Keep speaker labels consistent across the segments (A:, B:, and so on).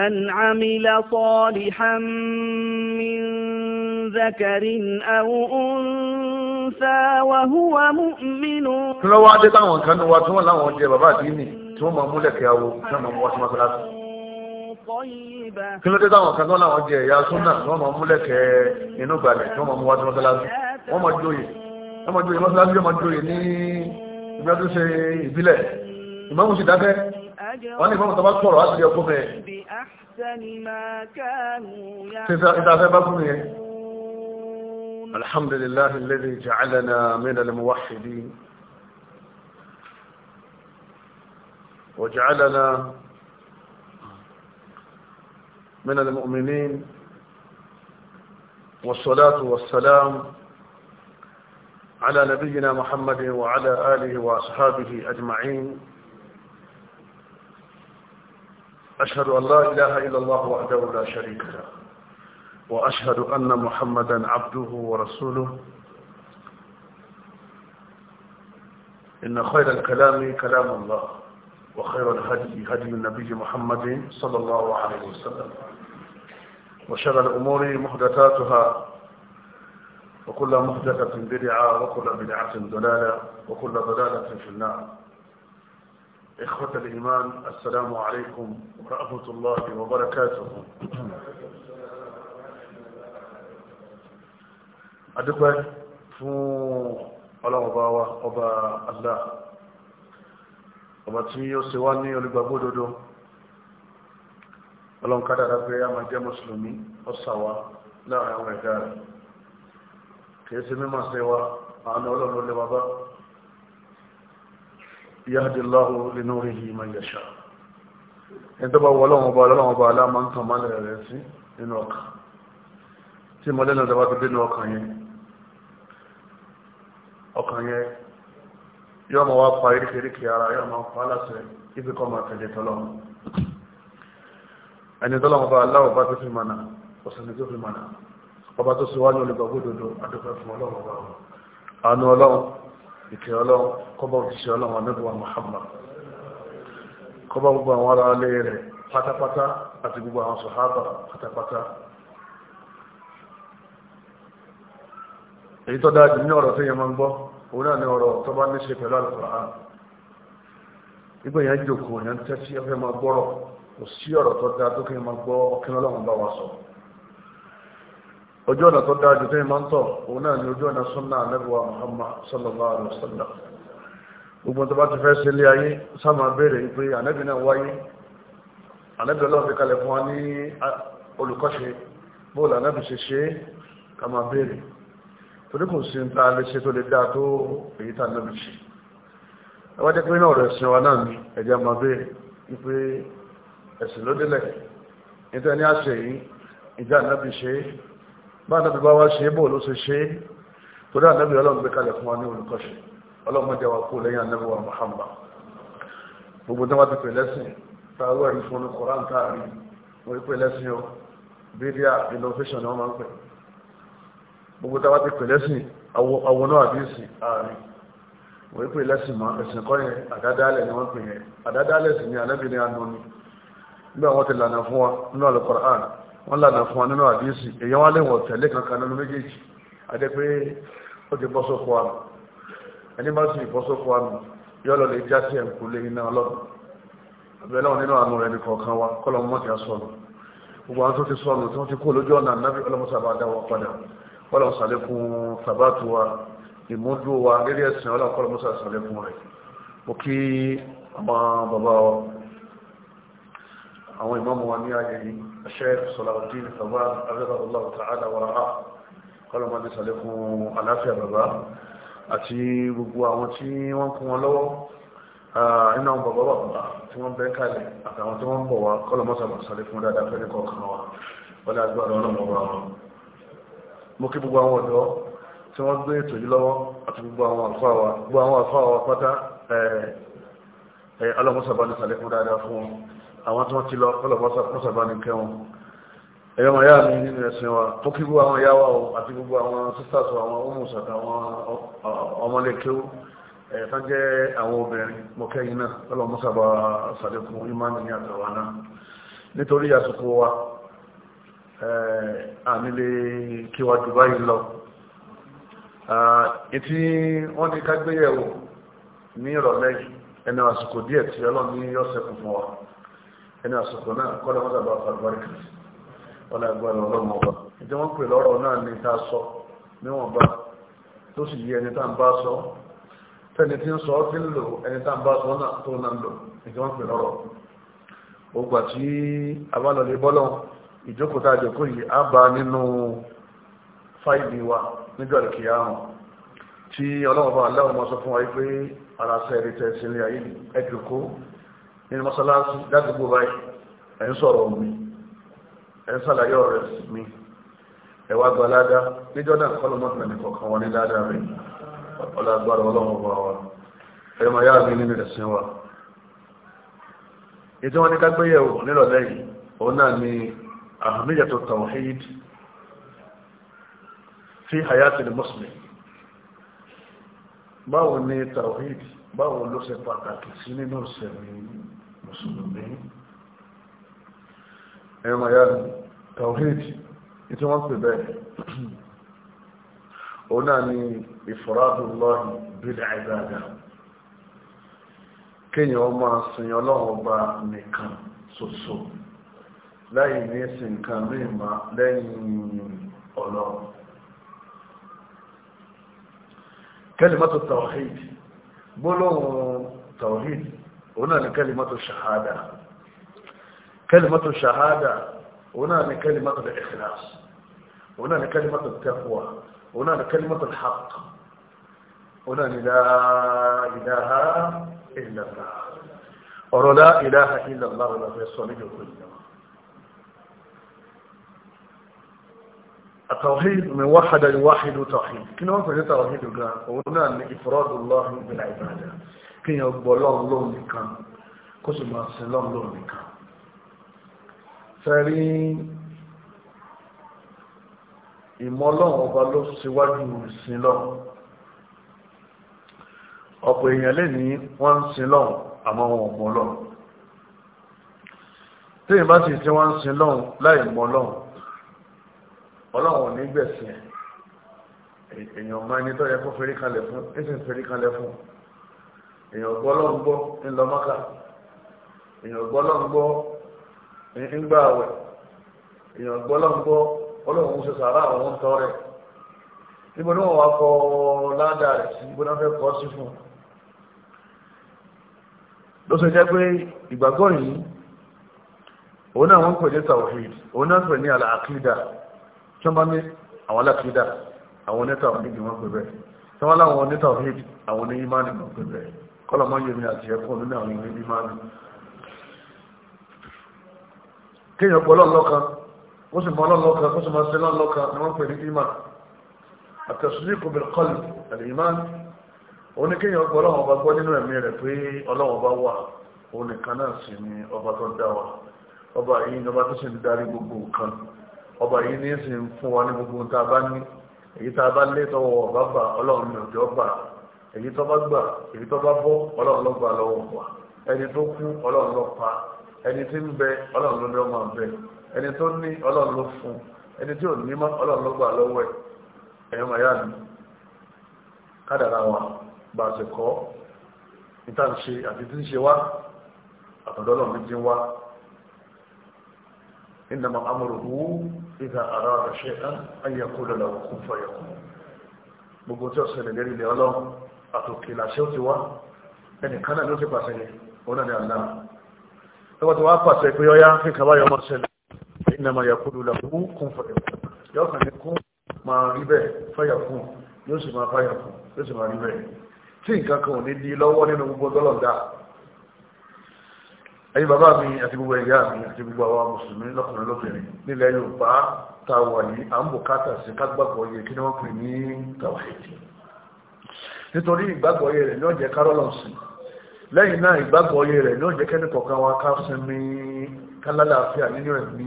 A: من عمل صالحا من ذكر أو أنثى وهو مؤمن kí ló wá dé táwọn kan ní wa tí wọ́n láwọn jẹ bàbá àdínì tí wọ́n máa múlẹ̀ kí awo tí wọ́n máa mú wá sí mọ́sálásí. kí ló dé táwọn kan ní wọ́n láwọn jẹ ẹ̀yà súnà tí wọ́n máa múlẹ̀ kẹ́ inú gbalẹ̀ tí wọ́n máa mú wá sí mọ́sálásí. wọ́n máa jóye wọ́n máa jóye mọ́sálásí yóò máa jóye ní ìgbà tó ṣe ìbílẹ̀ ìmọ̀ọ́mù sì dákẹ́. wọ́n ní ìfọ́nù tó bá sọ̀rọ̀ láti rí ọkùnrin yẹn. títà fẹ́ bá fún yẹn. alhamdulilahi alladhi ja'alana min al-muwahhidin wa ja'alana من المؤمنين والصلاة والسلام على نبينا محمد وعلى آله وأصحابه أجمعين أشهد أن لا إله إلا الله وحده لا شريك له وأشهد أن محمدا عبده ورسوله إن خير الكلام كلام الله وخير الهدي هدي النبي محمد صلى الله عليه وسلم وشر الأمور محدثاتها وكل محدثة بدعة وكل بدعة ضلالة وكل ضلالة في النار إخوة الإيمان السلام عليكم ورحمة الله وبركاته adúpẹ́ fún ọlọ́ọ̀bá wa ọba Allah ọba tí ó ṣe wá ní olùgbàgbódodo ọlọ́nkádàrà pé a máa jẹ́ mùsùlùmí ọ̀sàwá láàrin àwọn ẹ̀dá rẹ̀ kìí sí mímọ̀ sí wa àánú ọlọ́run lè wá bá yahdi Allahu li nurihi man yasha ẹni tó bá wọ ọlọ́run ọba ọlọ́run ọba aláàmà ń tàn mọ́lẹ̀ rẹ̀ sí nínú ọkàn tí mọ́lẹ̀ náà dábàá ti dé nínú ọkàn yẹn ọkàn yẹn yóò máa wá pa eríkèéríkèé ara yóò máa pa aláṣẹ ibi kan máa tẹ̀lé tọ́lọ́run ẹni ìkẹ́ ọlọ́run kọ́bọ̀ òṣìṣẹ́ ọlọ́run anábíwá Muhammad kọ́bọ̀ gbogbo àwọn ará alẹ́ rẹ̀ pátápátá àti gbogbo àwọn sọ̀hábà pátápátá èyí tó dájú ní ọ̀rọ̀ tó yẹ máa ń gbọ́ òun náà ní ọ̀rọ̀ tó bá ní ṣe pẹ̀lú Al-Qur'an yẹn tẹ́tí ẹfẹ́ máa gbọ́rọ̀ kò sí ọ̀rọ̀ tó dáa tó kí n gbọ́ kí ọlọ́run bá wa sọ̀rọ̀ ojú ọ̀nà tó dáa jù tó ìmọ̀ ń tọ̀ òun náà ni ojú ọ̀nà súnà lẹ́bùwà Muhammad sallallahu alaihi wasallam gbogbo tó bá ti fẹ́ sílé ayé sáàmà béèrè pé ànábì náà wáyé ànábì ọlọ́run fi kalẹ̀ fún wa ní olùkọ́ṣe bóòlù ànábì ṣe ṣe ká máa béèrè torí kò sí ta lè ṣe tó lè dáa tó èyí tá ànábì ṣe ẹ wá jẹ́ pé náà rẹ̀ sin wa náà ni ẹ̀jẹ̀ máa béèrè wípé ẹ̀sìn ló délẹ̀ nítorí ní àṣẹ yìí ìjà ànábì ṣe é bá ànábì bá wá ṣe bó ló ṣe ṣe torí ànábì ọlọ́run gbé kalẹ̀ fún wa ní olùkọ́ṣe ọlọ́run jẹ́ wa kú lẹ́yìn ànábì wa Muhammad gbogbo tí wọ́n ti pè lẹ́sìn táwọn ẹ̀rí fún Kùránì káàrí wọ́n pè lẹ́sìn o bíríà innovation ni wọ́n máa ń pè gbogbo tí wọ́n ti pè lẹ́sìn àwọn náà àbí àárín wọ́n pè lẹ́sìn mọ́ ẹ̀sìn kọ́ wọ́n lànà fún wa nínú àdíyèsí èyàn wá léwọ̀n tẹ̀lé kankan nínú méjèèjì adé pé ó ti bọ́ sóko àmì ẹni bá sì bọ́ sóko àmì yọ lọ lè já sí ẹ̀kú lé iná ọlọ́run àbẹ̀lẹ́ wọn nínú àánú rẹ̀ nìkọ̀ọ̀kan wa kọ́lọ̀ mọ́ ti sọnù gbogbo àwọn tó ti sọnù tí wọ́n ti kó lójú ọ̀nà nábì ọlọ́mọsàbà dáwọ́ padà kọ́lọ̀ sàlékún sàbátù wa ìmúdú wa lérí ẹ̀sìn ọlọ́run kọ́lọ̀ mọ́sà sàlékún rẹ̀ mo kí àwọn bàbá wa àwọn ìmáàmù wa ní ayẹyẹ yìí الشيخ صلاح الدين الثمان حفظه الله تعالى ورعاه قال ما ليس لكم àlàáfíà bàbá àti gbogbo àwọn tí wọ́n kún wọn lọ́wọ́ iná àwọn bàbá bàbá tí wọ́n bẹ́ kalẹ̀ àtàwọn tí wọ́n bọ̀ wá kọ́lọ̀ mọ́sàmà sálẹ̀ fún dáadáa fẹ́ ní kọ̀ọ̀kan wa wọ́n lè agbára ọlọ́mọ wa wọn mo kí gbogbo àwọn ọ̀dọ́ tí wọ́n gbé ètò yìí lọ́wọ́ àti gbogbo àwọn àfáà wa gbogbo àwọn àfáà wa pátá ọlọ́mọsàmà sálẹ̀ fún dáadáa fún wọn àwọn tí wọ́n ti lọ pọ́lọ̀pọ́sàbá ní kẹwọn ẹ̀yọ́ ma yá mi nínú ẹ̀sìn wa tó kí gbogbo àwọn yáwá o àti gbogbo àwọn sisters àwọn homes àtàwọn ọmọlẹ́kẹ́wó ẹ̀ẹ̀kan jẹ́ àwọn obìnrin mọ̀kẹ́yìn náà pọ́lọ̀pọ́sàbá sàdẹ́kùn imani ní àtàwà náà nítorí àsìkò wa àmìlẹ̀ kíwà Dubai lọ ìtí wọ́n ní kágbéyẹ̀wò ní ìrọ̀lẹ́ ẹnu àsìkò díẹ̀ tí ọlọ́ni yọ́ sẹ́kùn fún wa ẹni àsopọ̀ náà kọ́lọ́ wọn dàbà fàgbáríkà wọn lágbára ọlọ́run ọba ìdí wọn pè lọ́rọ̀ náà ní ta sọ níwọ̀n bá tó sì yí ẹni tá ń bá sọ fẹ́ni tí ń sọ ọ́ ti ń lò ẹni tá ń bá sọ náà tó náà ń lò ìdí wọn pè lọ́rọ̀ ògbà tí abálọ̀lẹ̀ bọ́lọ̀ ìjókòó tá a jòkó yìí á bá nínú fáìlì wa níjọ́ ìkìyà hàn tí ọlọ́run bá aláwọ̀ mọ́ sọ fún wa yìí pé ara sẹ́ẹ̀rì tẹ̀sílẹ̀ ayé ẹ̀dùkú nínú mọ́sálásí ládùúgbò báyìí ẹ̀ ń sọ̀rọ̀ mi ẹ̀ ń sàlàyé ọ̀rẹ́ mi ẹ̀ wá gba ládá níjọ́ náà kọ́ lọ́mọ́ tẹ̀lé kọ̀ọ̀kan wọn ní ládá rẹ̀ ọlọ́gbàrá ọlọ́run ọba wa ẹ̀ máa yára mi nínú ẹ̀sìn wa. ètò wọn ní kágbéyẹ̀wò nílọ̀lẹ́ yìí òun náà ni ahmiyatu tawhid fi hayati muslim báwo ni tawhid báwo ló ṣe pàtàkì sí nínú ìsẹ̀mí mùsùlùmí ẹ̀rọ ya tawhid ìtí wọ́n pè bẹ́ẹ̀ òun náà ni ìfọ̀rádùlọ́hì bílẹ̀ àìdáadá kéèyàn ọmọ sìn ọlọ́run ọba nìkan ṣoṣo láì ní sìn kan mìíràn lẹ́yìn ọlọ́run kẹ́lìmọ́tò tawhid gbólóhùn tawhid هنا لكلمة الشهادة كلمة الشهادة هنا لكلمة الإخلاص هنا لكلمة التقوى هنا لكلمة الحق هنا لا إله إلا الله ọ̀rọ̀ لا إله إلا الله la fẹ́ sọ التوحيد من وحد الواحد توحيد كنا نقول إيه توحيد قال هنا إفراد الله بالعبادة kéèyàn gbọ́ lọ́run lóhun nìkan kó sì máa sin lọ́run lóhun nìkan fẹ́rí ìmọ̀ ọlọ́run ọba ló síwájú ìsin lọ́run ọ̀pọ̀ èèyàn lè ní wọ́n ń sin lọ́run àmọ́ wọn ò mọ̀ lọ́run téèyàn bá sì sin wọ́n ń sin lọ́run láì mọ̀ lọ́run ọlọ́run ò ní gbẹ̀sìn èèyàn máa ní tó yẹ fún fẹ́rí kalẹ̀ fún èèyàn gbọ́lọ́gbọ́ èèyàn èèyàn ọlọ́run àwọn níbo ni wọ́n wá ládàá rẹ̀ sí fẹ́ kọ́ sí fún un ló jẹ́ pé ìgbàgbọ́ yìí òun náà wọ́n ń pè ní tawhid òun náà ń pè ní àlàákídà tí wọ́n bá ní àwọn alákídà àwọn onítàwọ̀ níbi tí wọ́n láwọn kọ́lọ̀ máa yẹ̀mí àti ẹ̀kọ́ nínú àwọn ilé bí máa ní kéèyàn pọ̀ lọ́lọ́kan ó sì mọ́ lọ́lọ́kan ó sì máa ṣe lọ́lọ́kan ni wọ́n pè ní ìmá àtẹ̀sùlíkù bẹ̀rẹ̀ kọ́lì àlè ìmá ní ó ní kéèyàn pọ̀ lọ́wọ́ ọba gbọ́ nínú ẹ̀mí rẹ̀ pé ọlọ́wọ́ bá wà ó nìkan náà sì ni ọba tó dá wa ọba yìí èyí tó bá gbà èyí tó bá bọ́ ọlọ́run ló gbà lọ́wọ́ wa ẹni tó kú ọlọ́run ló pa ẹni tí ń bẹ ọlọ́run ló ní ọmọ bẹ ẹni tó ní ọlọ́run ló fún ẹni tí ò ní wa bá a ṣe kọ́ níta ń ṣe àti tí ń ṣe wá àtọ̀dọ́ náà wá gbogbo tí àtòkè làṣẹ ó ti wá ẹnìkan náà ló ti pàṣẹ yẹn òun náà ni àlá lọ́wọ́ tí wọ́n á pàṣẹ pé ọyá kí kaba yọ ọmọ ṣẹlẹ̀ ìnàmà yàkúlù làkú kún fọ̀yà yóò kàn ní kún máa rí bẹ́ẹ̀ fọ̀yà fún yóò sì máa fọ̀yà fún yóò sì máa rí bẹ́ẹ̀ tí nǹkan kan ò ní di lọ́wọ́ nínú gbogbo dọ́lọ̀dá ẹ̀yin bàbá mi àti gbogbo ẹ̀yà mi àti gbogbo àwa mùsùlùmí lọ́kùnrin lóbìnrin nílẹ̀ Yorùbá ta wà yìí à ń sí kágbàgbọ́ yẹ kí ni wọ́n pè ní tàwáìtì nítorí ìgbàgbọ́ yẹ rẹ̀ ní ọ̀jẹ́ kárọ́lọ́sì lẹ́yìn náà ìgbàgbọ́ yẹ rẹ̀ ní ọ̀jẹ́ kẹ́nìkọ̀ọ̀kan wa ká sinmi kálálàáfíà nínú ẹ̀mí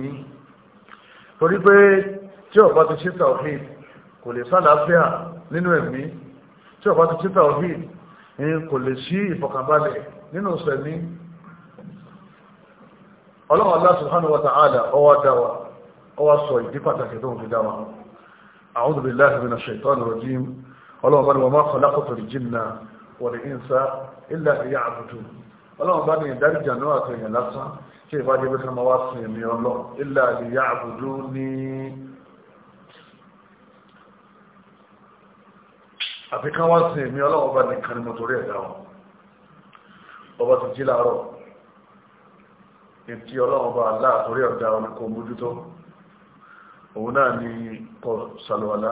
A: torí pé tí ó bá ti ṣe tàwíì kò lè sálàáfíà nínú ẹ̀mí tí ó bá ti ṣe tàwíì kò lè sí ìfọ̀kànbalẹ̀ nínú sẹ̀mí ọlọ́run Allah wa ta'ala ọwá dáwà ọwá sọ ìdí ọlọ́run bá ní wọ́n máa kọ́ lákòtò rí jìnnà wọ̀lẹ̀ ìǹsà ilẹ̀ ìyá àbùtù ọlọ́run bá ní ìdáríjà náà àti èèyàn lásán kí ìbájẹ́ bí sọ́mọ́ wá sí èmi ọlọ́ ilẹ̀ ìyá àbùtù ní àfi kán wá sí èmi ọlọ́run bá ní kan mọ́tòrí ẹ̀dá wọn ọba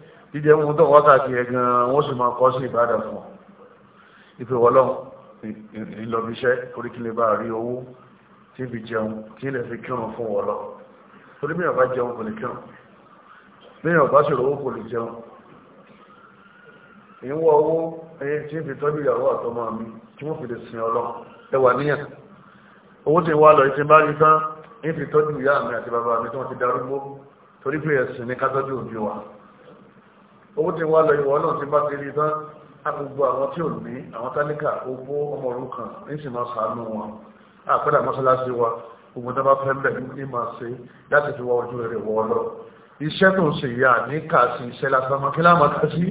A: jíjẹ mú tó wákàtí ẹ gan wọ́n sì máa kọ́ sí ìbàdàn fún ọ ìfẹ́ wọlọ́ ìlọ́bíṣẹ́ oríkìlẹ̀ bá rí owó tí fi jẹun tí ilẹ̀ fi kírun fún wọlọ́ torí mìíràn bá jẹun kò lè kírun mìíràn bá ṣòro owó kò lè jẹun ìwọ owó ẹyẹ tí fi tọ́jú ìyàwó àtọmọ mi tí wọ́n fi lè sin ọlọ́ ẹwà níyàn owó tí wà lọ ìtì bá rí tán ní fi tọ́jú ìyá mi àti bàbá mi tí wọ́n ti darúgbó torí pé ẹ̀sìn ní ká tọ́jú òbí wa owó tí wá lọ ìwọ náà ti bá ti rí tán agbègbè àwọn tí ò ní àwọn tálíkà ogbó ọmọ òrukàn ní sì máa sàánú wọn àpẹẹrẹ mọ́sálásí wa gbogbo tó bá fẹ́ bẹ̀ ní máa ṣe láti fi wá ojú rẹ̀ wọ́ lọ iṣẹ́ tó ń ṣe ìyá ní kàásì iṣẹ́ lásán máa kí láàmà ká sí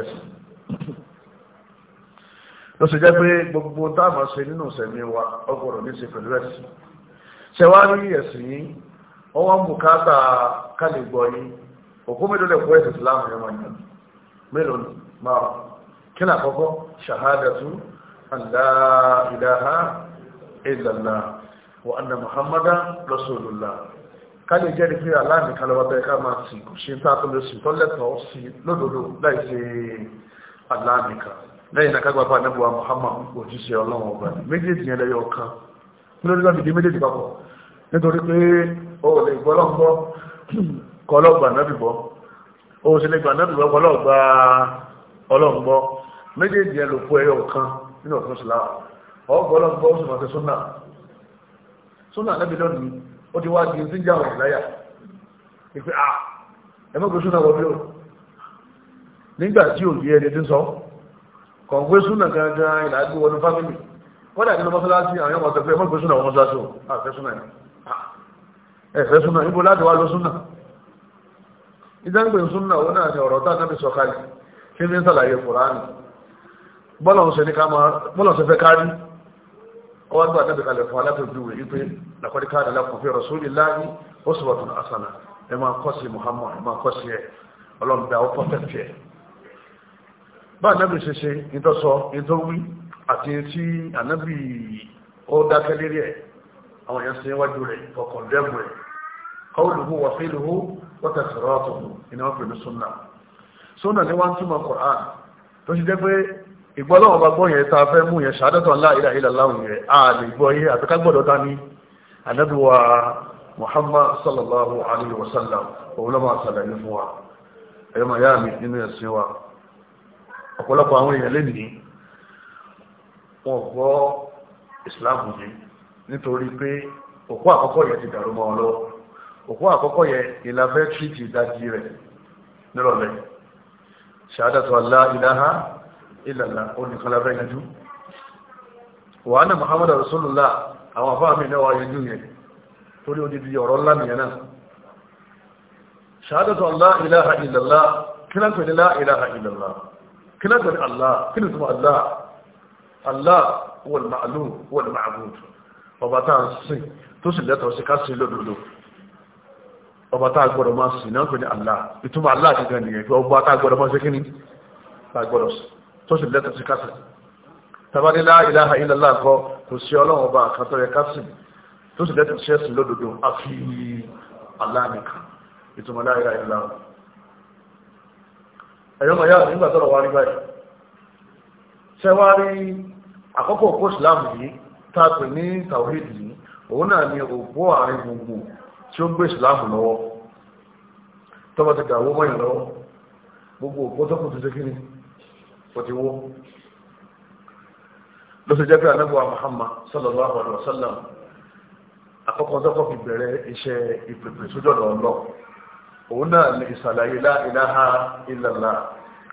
A: ẹ̀sìn ló ṣe jẹ́ pé gbogbo táàmà ṣe nínú ìṣẹ̀mí wa ọgbọ̀rọ̀ ní ṣe pẹ̀lú ẹ̀sìn ṣẹwárí ẹ̀sìn yìí ọwọ́ bùkátà kálígbọ̀ yìí òkú mélòó lè kó ẹ̀sìn ìsìláàmù yẹn wọ̀nyí mélòó ni márùn kí náà kọ́kọ́ ṣàhádàtú la ilaha illallah wa anna muhammadan rasulullah ká lè jẹ́ nípínlẹ̀ aláàmì kalabata ẹ̀ka máa sìn kò ṣe ń tá àtúndò sí tọ́lẹ̀tọ̀ sí lódodo láì ṣe aláàmì kan lẹ́yìn náà kágbà bá nẹ́bùwà muhammad òjíṣẹ́ ọlọ́run ọba méjèèjì yẹn lẹ́yọ kan nínú lọ́dún méjèèjì papọ̀ nítorí pé ó lè gbọ́ kọlọ́gbà nábì gbọ́ òun sì lè kọlọ́gbà ọlọ́run méjèèjì ẹ kan nínú ọ̀sán sílá ọgbọ́ ó sì máa ṣe súnà súnà nábì lónìí ó ti wá di ti ń jà wọ̀n láyà ìpè à ẹ pé súnà bí nígbà tí òbí ẹni ti ń sọ kọ̀ǹgbé súnà gangan ìlà wọnú fámìlì wọ́n dàbí mọ́sálásí àwọn ọmọ ọ̀sẹ̀ pé ẹ mọ̀ pé súnà wọ́n mọ́sálásí súnà ẹ̀ súnà láti ìdáǹgbè súnà òun náà ni ọ̀rọ̀ tá náà fi sọ kalẹ̀ tí fi ń sàlàyé kùránì bọ́lọ̀ ń ṣe ní ká máa bọ́lọ̀ ń ṣe fẹ́ kárí ọwọ́ gbà náà fi kalẹ̀ fún alábẹ̀bíwé wípé làkọ́dí káàdì lápò fi rasulillahi uswatun hasana ẹ máa kọ́ sí Muhammad ẹ máa kọ́ sí ẹ ọlọ́mọdé àwọn pọ́fẹ́tì ẹ bá anábì ṣe ṣe ìtọ́sọ ìtọ́wí àti tí anábì ó dákẹ́ lérí ẹ àwọn èèyàn ṣe wájú rẹ̀ kọ̀ọ̀kan dẹ́mu wọ́tà sọ̀rọ̀tù iná wọ́n pè ní súnà súnà ní wọ́n túmọ̀ Qur'an tó ṣe jẹ́ pé ìgbọ́lọ́wọ́ bá gbọ́ yẹn tá a fẹ́ mú yẹn ṣàdọ́tọ̀ ńlá ìlà ìlà láwùn yẹn a lè gbọ́ yé àtúkà gbọ́dọ̀ dání ànábìwá Muhammad sallallahu alayhi wa sallam òun ló máa ṣàlàyé fún wa ẹ̀yọ́ màá yá mi nínú ẹ̀sìn wa ọ̀pọ̀lọpọ̀ àwọn èèyàn lénìí wọn gbọ́ ìsìláàmù yìí nítorí pé òkú àkọ́kọ́ yẹn ti dàrú mọ́ ọ lọ́wọ́ òkú àkọ́kọ́ yẹ ìlàfẹ́ tìtì ìdájí rẹ̀ nírọ̀lẹ́ ṣàdàtù àlá ìdáhá ìlàlá oníkanláfẹ́ yanjú wàhánà muhammad rasulullah àwọn afáàmì náà wáyé yanjú yẹn torí ó dìdí ọ̀rọ̀ ńlá nìyẹn náà ṣàdàtù àlá ìdáhá ìlàlá kínákò ní lá ìdáhá ìlàlá kínákò ní àlá kíni tó àlá àlá wọl màálù wọl màálù ọba tá ń sìn tó sì lẹ́tọ̀ọ́ sí ká sí lódodo ọba tá a gbọ́dọ̀ máa sìn náà pè ní Allah ìtumọ̀ Allah gẹ́gẹ́ nìyẹn pé ọba tá a gbọ́dọ̀ máa ṣe kí ni tá a gbọ́dọ̀ tó sì lẹ́tọ̀ sí kásì tabadé la ilaha illallah kọ kò sí ọlọ́run ọba àkàtọ̀ yẹ kásì tó sì lẹ́tọ̀ sí ẹ̀sìn lódodo àfi Allah nìkan ìtumọ̀ la ilaha illallah ẹ̀yọ́ mọ̀ yá nígbà tọ́rọ wá rí báyìí ṣe wá rí àkọ́kọ́ òpó ìsìláàmù yìí tá a pè ní tàwíìdì yìí òun náà ni òpó àárín gbùngbùn tí ó gbé ìsìláàmù lọ́wọ́ tọ́ba ti dàwó mọ́yàn lọ́wọ́ gbogbo òpótọ́kù ti sékiri ó ti wó ló ṣe jẹ́ pé anábọ̀ Muhammad sallallahu alaihi wasallam akọ́kọ́ tọ́kọ́ fi bẹ̀rẹ̀ iṣẹ́ ìpèpè sójú ọ̀nà ọlọ́ òun náà ní ìsàlàyé la ilaha illallah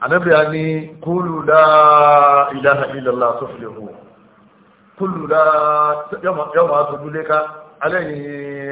A: anábìá ní kúlù la ilaha illallah tuflihu kúlù la yọ̀mọ̀ àtọ́jú léka alẹ́ yìí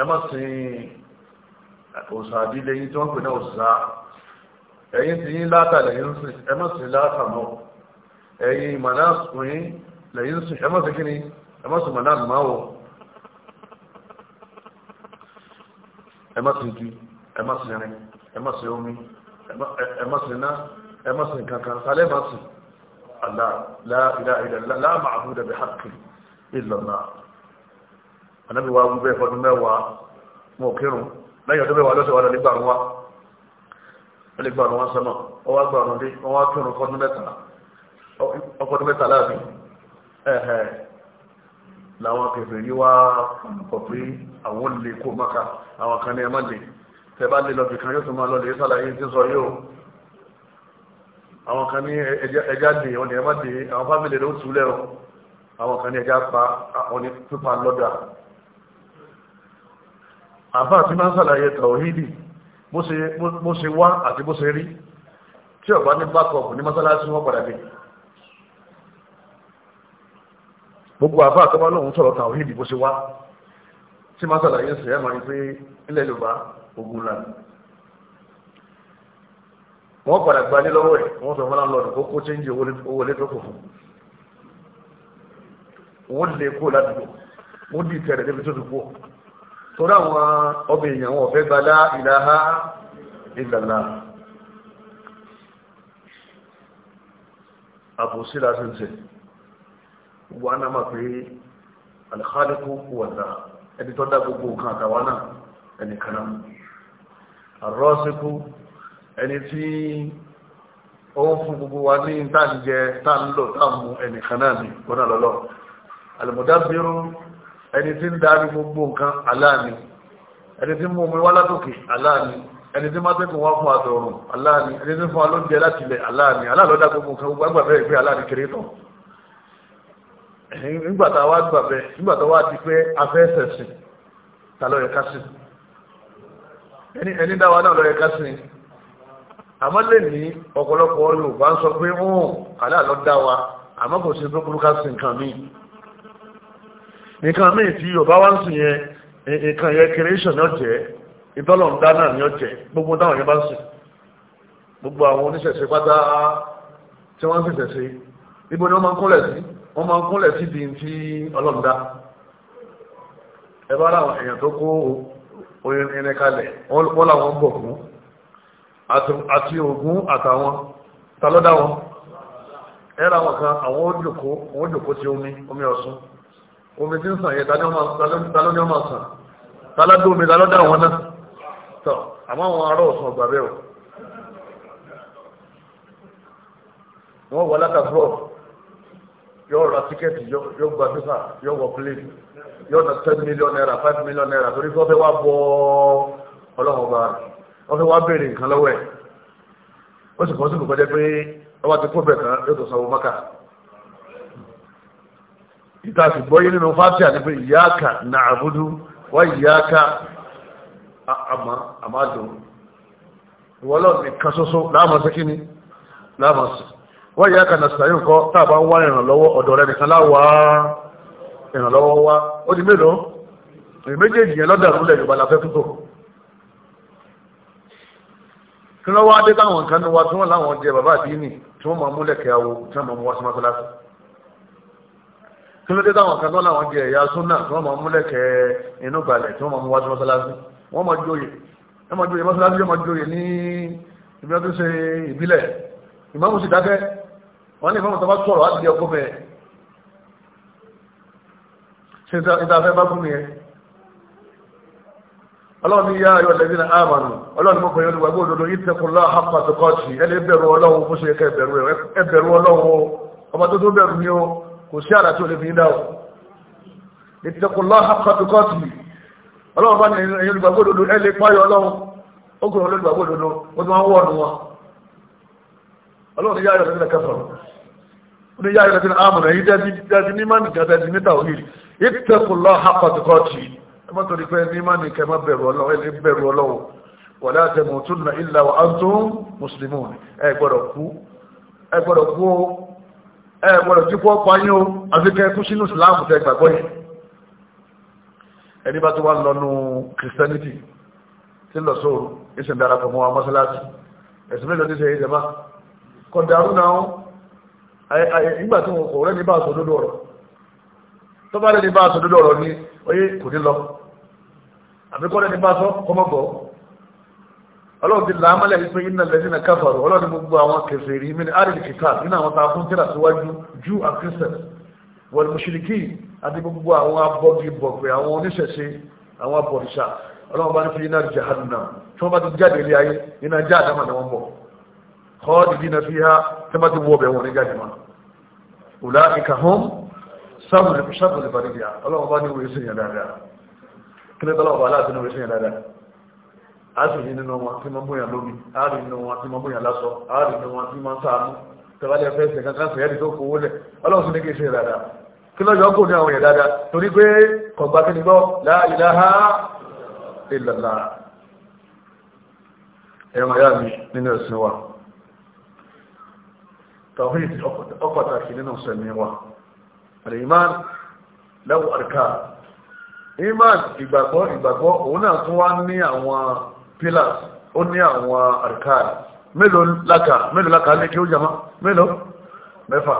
A: ẹ má sin òsà àdílé yìí tí wọ́n pè náà òsà ẹ̀yìn tí yín látà lẹ́yìn sìn ẹ má sin látà mọ́ ẹ̀yìn ìmọ̀nà sùn yín lẹ́yìn sìn ẹ má sin kíni ẹ má sin mọ̀nà mọ́ o ẹ má sin ju ẹ má sin omi ẹ má ná ẹ má kankan sálẹ̀ ànábì wa wípé fọdún mẹ́wàá mú òkèrún lẹ́yìn ọdún mẹ́wàá lọ́sẹ̀ wà lọ́lẹ́ gbàrún wa lọ́lẹ́ gbàrún wa sọ́nà wọ́n wá gbàrún dé wọ́n wá kírun fọdún mẹ́ta ọkọ̀dún mẹ́ta láàbí ẹ̀hẹ̀ làwọn akẹfẹ̀ yí wá pọ̀ pé àwọn olè kó maka àwọn kan ní ẹmọ́lè tẹ bá lè lọ́bì kan yóò tún máa lọ́lẹ̀ sálàyé tí sọ yóò àwọn kan ní ẹjá dè ọ̀nà ẹmọ́lè àwọn fámìlì ló túlẹ̀ àwọn kan ní ẹjá pa ọ̀nà pípa lọ́dà àfáà tí máa ń sàlàyé tàwíìdì bó ṣe wá àti bó ṣe rí tí ọ̀bá ní bákọ̀ọ̀pù ní mọ́sálásí wọ́n padà dé gbogbo àfáà tó bá lóun sọ̀rọ̀ tàwíìdì bó ṣe wá tí máa sàlàyé sí ẹ̀mà ní pé ilẹ̀ yorùbá ogun lànà wọ́n padà gba ní lọ́wọ́ ẹ̀ wọ́n sọ fọ́nà lọ́dún kó kó chéńjì owó lé tó kò fún wọ́n lè kó ládùúgbò wọ́n dì tẹ̀rẹ̀ débi tó ti torí àwọn ọmọ èèyàn wọn fẹ́ balá ìlàhá ìlàlá àbòsí láti ń tẹ̀ wọ́n náà máa pé alìkálẹ́kù wọ̀dà ẹni tó dá gbogbo nǹkan àtàwà náà ẹni kanáà àrọ́síkú ẹni tí ó ń fún gbogbo wa ní tàǹjẹ tàǹlò tàǹmù ẹni kanáà ní gbọ́nà lọ́lọ́ ẹni tí ń darí gbogbo nǹkan aláàní ẹni tí ń mú omi wá látòkè aláàní ẹni tí má tẹ́kùn wá fún àtọ̀run aláàní ẹni tí ń fún alóúnjẹ láti ilẹ̀ aláàní aláàlọ́dá gbogbo nǹkan gbogbo àgbà bẹ́ẹ̀ pé aláàní kéré tán nígbà tá a wá gbà bẹ́ẹ̀ nígbà tá a wá di pé afẹ́ sẹ̀sìn ta ló yẹ ká sìn ẹni ẹni dáwà náà ló yẹ ká sìn àmọ́ lè ní ọ̀pọ̀lọpọ̀ Yorùbá ń sọ pé ó aláàlọ́dá wa àmọ́ kò sí nǹkan míì tí yorùbá wá ń sìn yẹn nǹkan yẹn creation ni ó jẹ́ ìtọ́lọ̀ ń dáná ni ó jẹ́ gbogbo táwọn yẹn bá ń sìn gbogbo àwọn oníṣẹ̀ṣe pátá tí wọ́n ń sìn ṣẹ̀ṣe ibo ni wọ́n máa ń kúnlẹ̀ sí wọ́n máa ń kúnlẹ̀ sí di ti ọlọ́ọ̀dá ẹ bá láwọn èèyàn tó kó oyin irin kalẹ̀ wọ́n làwọn ń bọ̀ fún àti ògún àtàwọn ta ló dá wọn ẹ ra wọn kan àwọn ó jòkó àwọn ó jòkó ti omi omi ọ̀sùn omi tí ń sàn yẹn taló ní ọmọ sàn taládó omi taló dá wọn náà tọ àmọ́ àwọn ará ọ̀sán ọgbà bẹ́ẹ̀ o wọ́n wọ alákàtúrọ̀ yóò ra tíkẹ́ẹ̀tì yóò gba fífà yóò wọ plane yóò na ten million naira five million naira torí kó fẹ́ wá bọ́ ọlọ́run ọba wọ́n fẹ́ wá béèrè nǹkan lọ́wọ́ ẹ̀ ó sì kọ́ sí kò kọjá pé ọba ti kó bẹ̀ tán yóò tó sanwó mọ́kà. ìta sì gbọ́yé nínú fátíà ní pé na àbúdú wá ìyáàkà àmà àmàdùn ìwọ́lọ́ nìkan ṣoṣo láàmọ́sí kíní láàmọ́sí wá ìyáàkà na sàyìn kọ́ tàbá ń wá ìrànlọ́wọ́ ọ̀dọ̀ rẹ̀ nìkan láwàá ìrànlọ́wọ́ wá ó di mélòó kí ló dé táwọn kan tó láwọn jẹ ẹ̀yà súnà tí wọ́n máa mú lẹ́kẹ̀ẹ́ inú balẹ̀ tí wọ́n máa mú wájú mọ́sálásí wọ́n máa jóye wọ́n máa jóye mọ́sálásí wọ́n máa jóye ní ibi wọ́n ti ṣe ìbílẹ̀ ìmáàmù sì dákẹ́ wọ́n ní ìfọ́nmù tó bá sọ̀rọ̀ láti di ọkọ bẹ́ẹ̀ ṣe ìtafẹ́ bá fún mi yẹn ọlọ́run ní yá ayọ̀ lẹ́bí náà àmàlù ọlọ́run mọ́kàn yóò lùgbàgbọ́ òdodo ìtẹ̀kùnlá àpá ẹni ẹbẹ̀rù ọlọ́run bó ṣe ẹkẹ ẹbẹ̀rù ọlọ́run ọba tó tó bẹ̀rù ni ó kò sí àrà tí o lè fi dá o ìtẹ̀kùnlọ́ akọ̀tùkọ́tù ọlọ́run bá ní ẹ̀yìn olùgbàgbọ́ òdodo ẹ lè páyọ ọlọ́run ó gbọ́n olùgbàgbọ́ òdodo ó ti wọ́n wọ́ ọ̀nù wọn ọlọ́run ní yáyọ̀ lẹ́sìn kẹfọ̀ ó ní yáyọ̀ lẹ́sìn àmọ̀ ẹ̀yìn dẹ́bi ní mánì kan dẹ́bi náà ìlà wà mùsùlùmí ẹ kú ẹ kú ẹ̀gbọ́dọ̀ tí fọ́ pa yín o àfikẹ́ kú sínú ìsìláàmù tẹ gbàgbọ́ yìí ẹni bá tó wá lọ́nu christianity tí lọ sóòrò ìsìn dára pọ̀ mọ́ amọ́sálásì ẹ̀sìn mélòó ti ṣe é jẹba kọ̀dàrú náà ìgbà tí wọn kò rẹ́ ní bá aṣọ òdodo ọ̀rọ̀ tó bá rẹ́ ní bá aṣọ òdodo ọ̀rọ̀ ni oyé kò ní lọ àbíkọ́ rẹ́ ní bá aṣọ kọ́mọ́gbọ́ ọlọ́run ti làámọ́lẹ̀ wípé iná lẹ́sìn káfàrò ọlọ́run gbogbo àwọn kèfèrí mini arìnrìn kìtà nínú àwọn tá a fún tíra síwájú jù àkírísẹ̀t wal mùṣìríkì àti gbogbo àwọn abọ́gi bọ̀pẹ̀ àwọn oníṣẹ̀ṣe àwọn abọ̀rìṣà ọlọ́run bá ní fi iná jahannam tí wọ́n bá ti jáde ilé ayé iná já àdámà ni wọ́n bọ̀ kọ́ọ̀dì bí na fi ha tí wọ́n àárín nínú wọn tí máa múyàn lómi àárín nínú wọn tí máa múyàn lásọ àárín nínú wọn tí máa ń sàánú tẹ̀wálẹ̀ fẹ́ ṣe kankan sẹ̀yẹ́dì tó fowó lẹ̀ ọlọ́run sì ní kí n ṣe dáadáa kí lọ́jọ́ kò ní àwọn èèyàn dáadáa torí pé kọ̀gbà kí ni gbọ́ la ilaha illallah ẹ̀rọ ayá mi nínú ẹ̀sìn wa tawhid ọpàtàkì nínú sẹ̀mí wa al-iman lahu ìgbàgbọ́ ìgbàgbọ́ òun náà tún wá ní àwọn pillars ó ní àwọn arkan mélòó láka mélòó láka ní kí ó jama mélòó mẹ́fà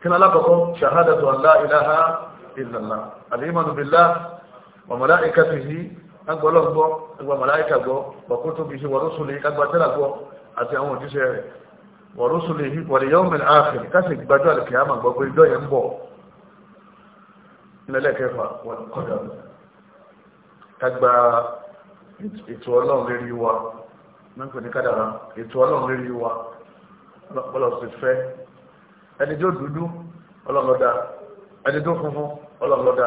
A: kí lálákọ̀ọ́kọ́ shahadatu an la ilaha illallah al-imanu billah wa malaikatihi agbọ́lọ́gbọ́ ẹgbà màláìkà gbọ́ wa kutubihi wa rusulihi agbátẹ́là gbọ́ àti àwọn òjíṣẹ́ rẹ̀ wa rusulihi wal yawmil akhir káṣì gbájọ́ àlùkìyàmà gbọ́ pé ìjọ yẹn bọ̀ nílẹ̀ kẹfà wal qadar ètò ọlọ́run lérí wa mẹ́kùn ní kádàrá ètò ọlọ́run lérí wa ọlọ́run sì fẹ́ ẹni tó dúdú ọlọ́run lọ́dà ẹni tó funfun ọlọ́run lọ́dà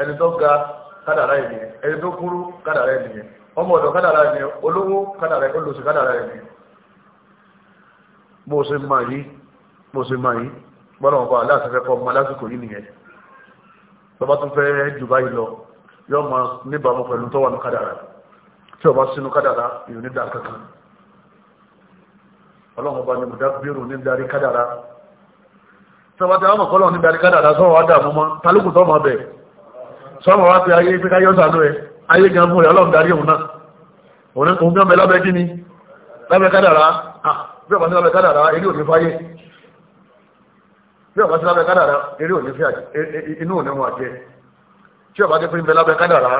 A: ẹni ga kádàrá ènìyàn ẹni tó kúrú kádàrá ènìyàn ọmọ ọ̀dọ̀ kádàrá ènìyàn olówó kádàrá olùsí kádàrá ènìyàn ṣe máa yí ṣe máa yí gbọ́dọ̀ aláṣẹ fẹ́ kọ́ ọmọ nìyẹn yóò máa níbàámu pẹ̀lú tó wà ní kádàrà tí o bá sínú kádàrà èèyàn ní dáa kankan ọlọ́run ọba ni mo dábìrù ní darí kádàrà tí a mọ̀ kọ́lọ̀ ní darí kádàrà sọ́wọ́ wá mọ́ bẹ̀ wá fi ayé pẹ́ká yọ́ sànú ẹ ayé gan fún rẹ̀ ọlọ́run darí òun náà òun gan bẹ lábẹ́ kí ni lábẹ́ kádàrà bí sí lábẹ́ kádàrà eré fáyé bí sí lábẹ́ kádàrà eré tí ọba kẹfẹ́ ń bẹ lábẹ́ kádàrá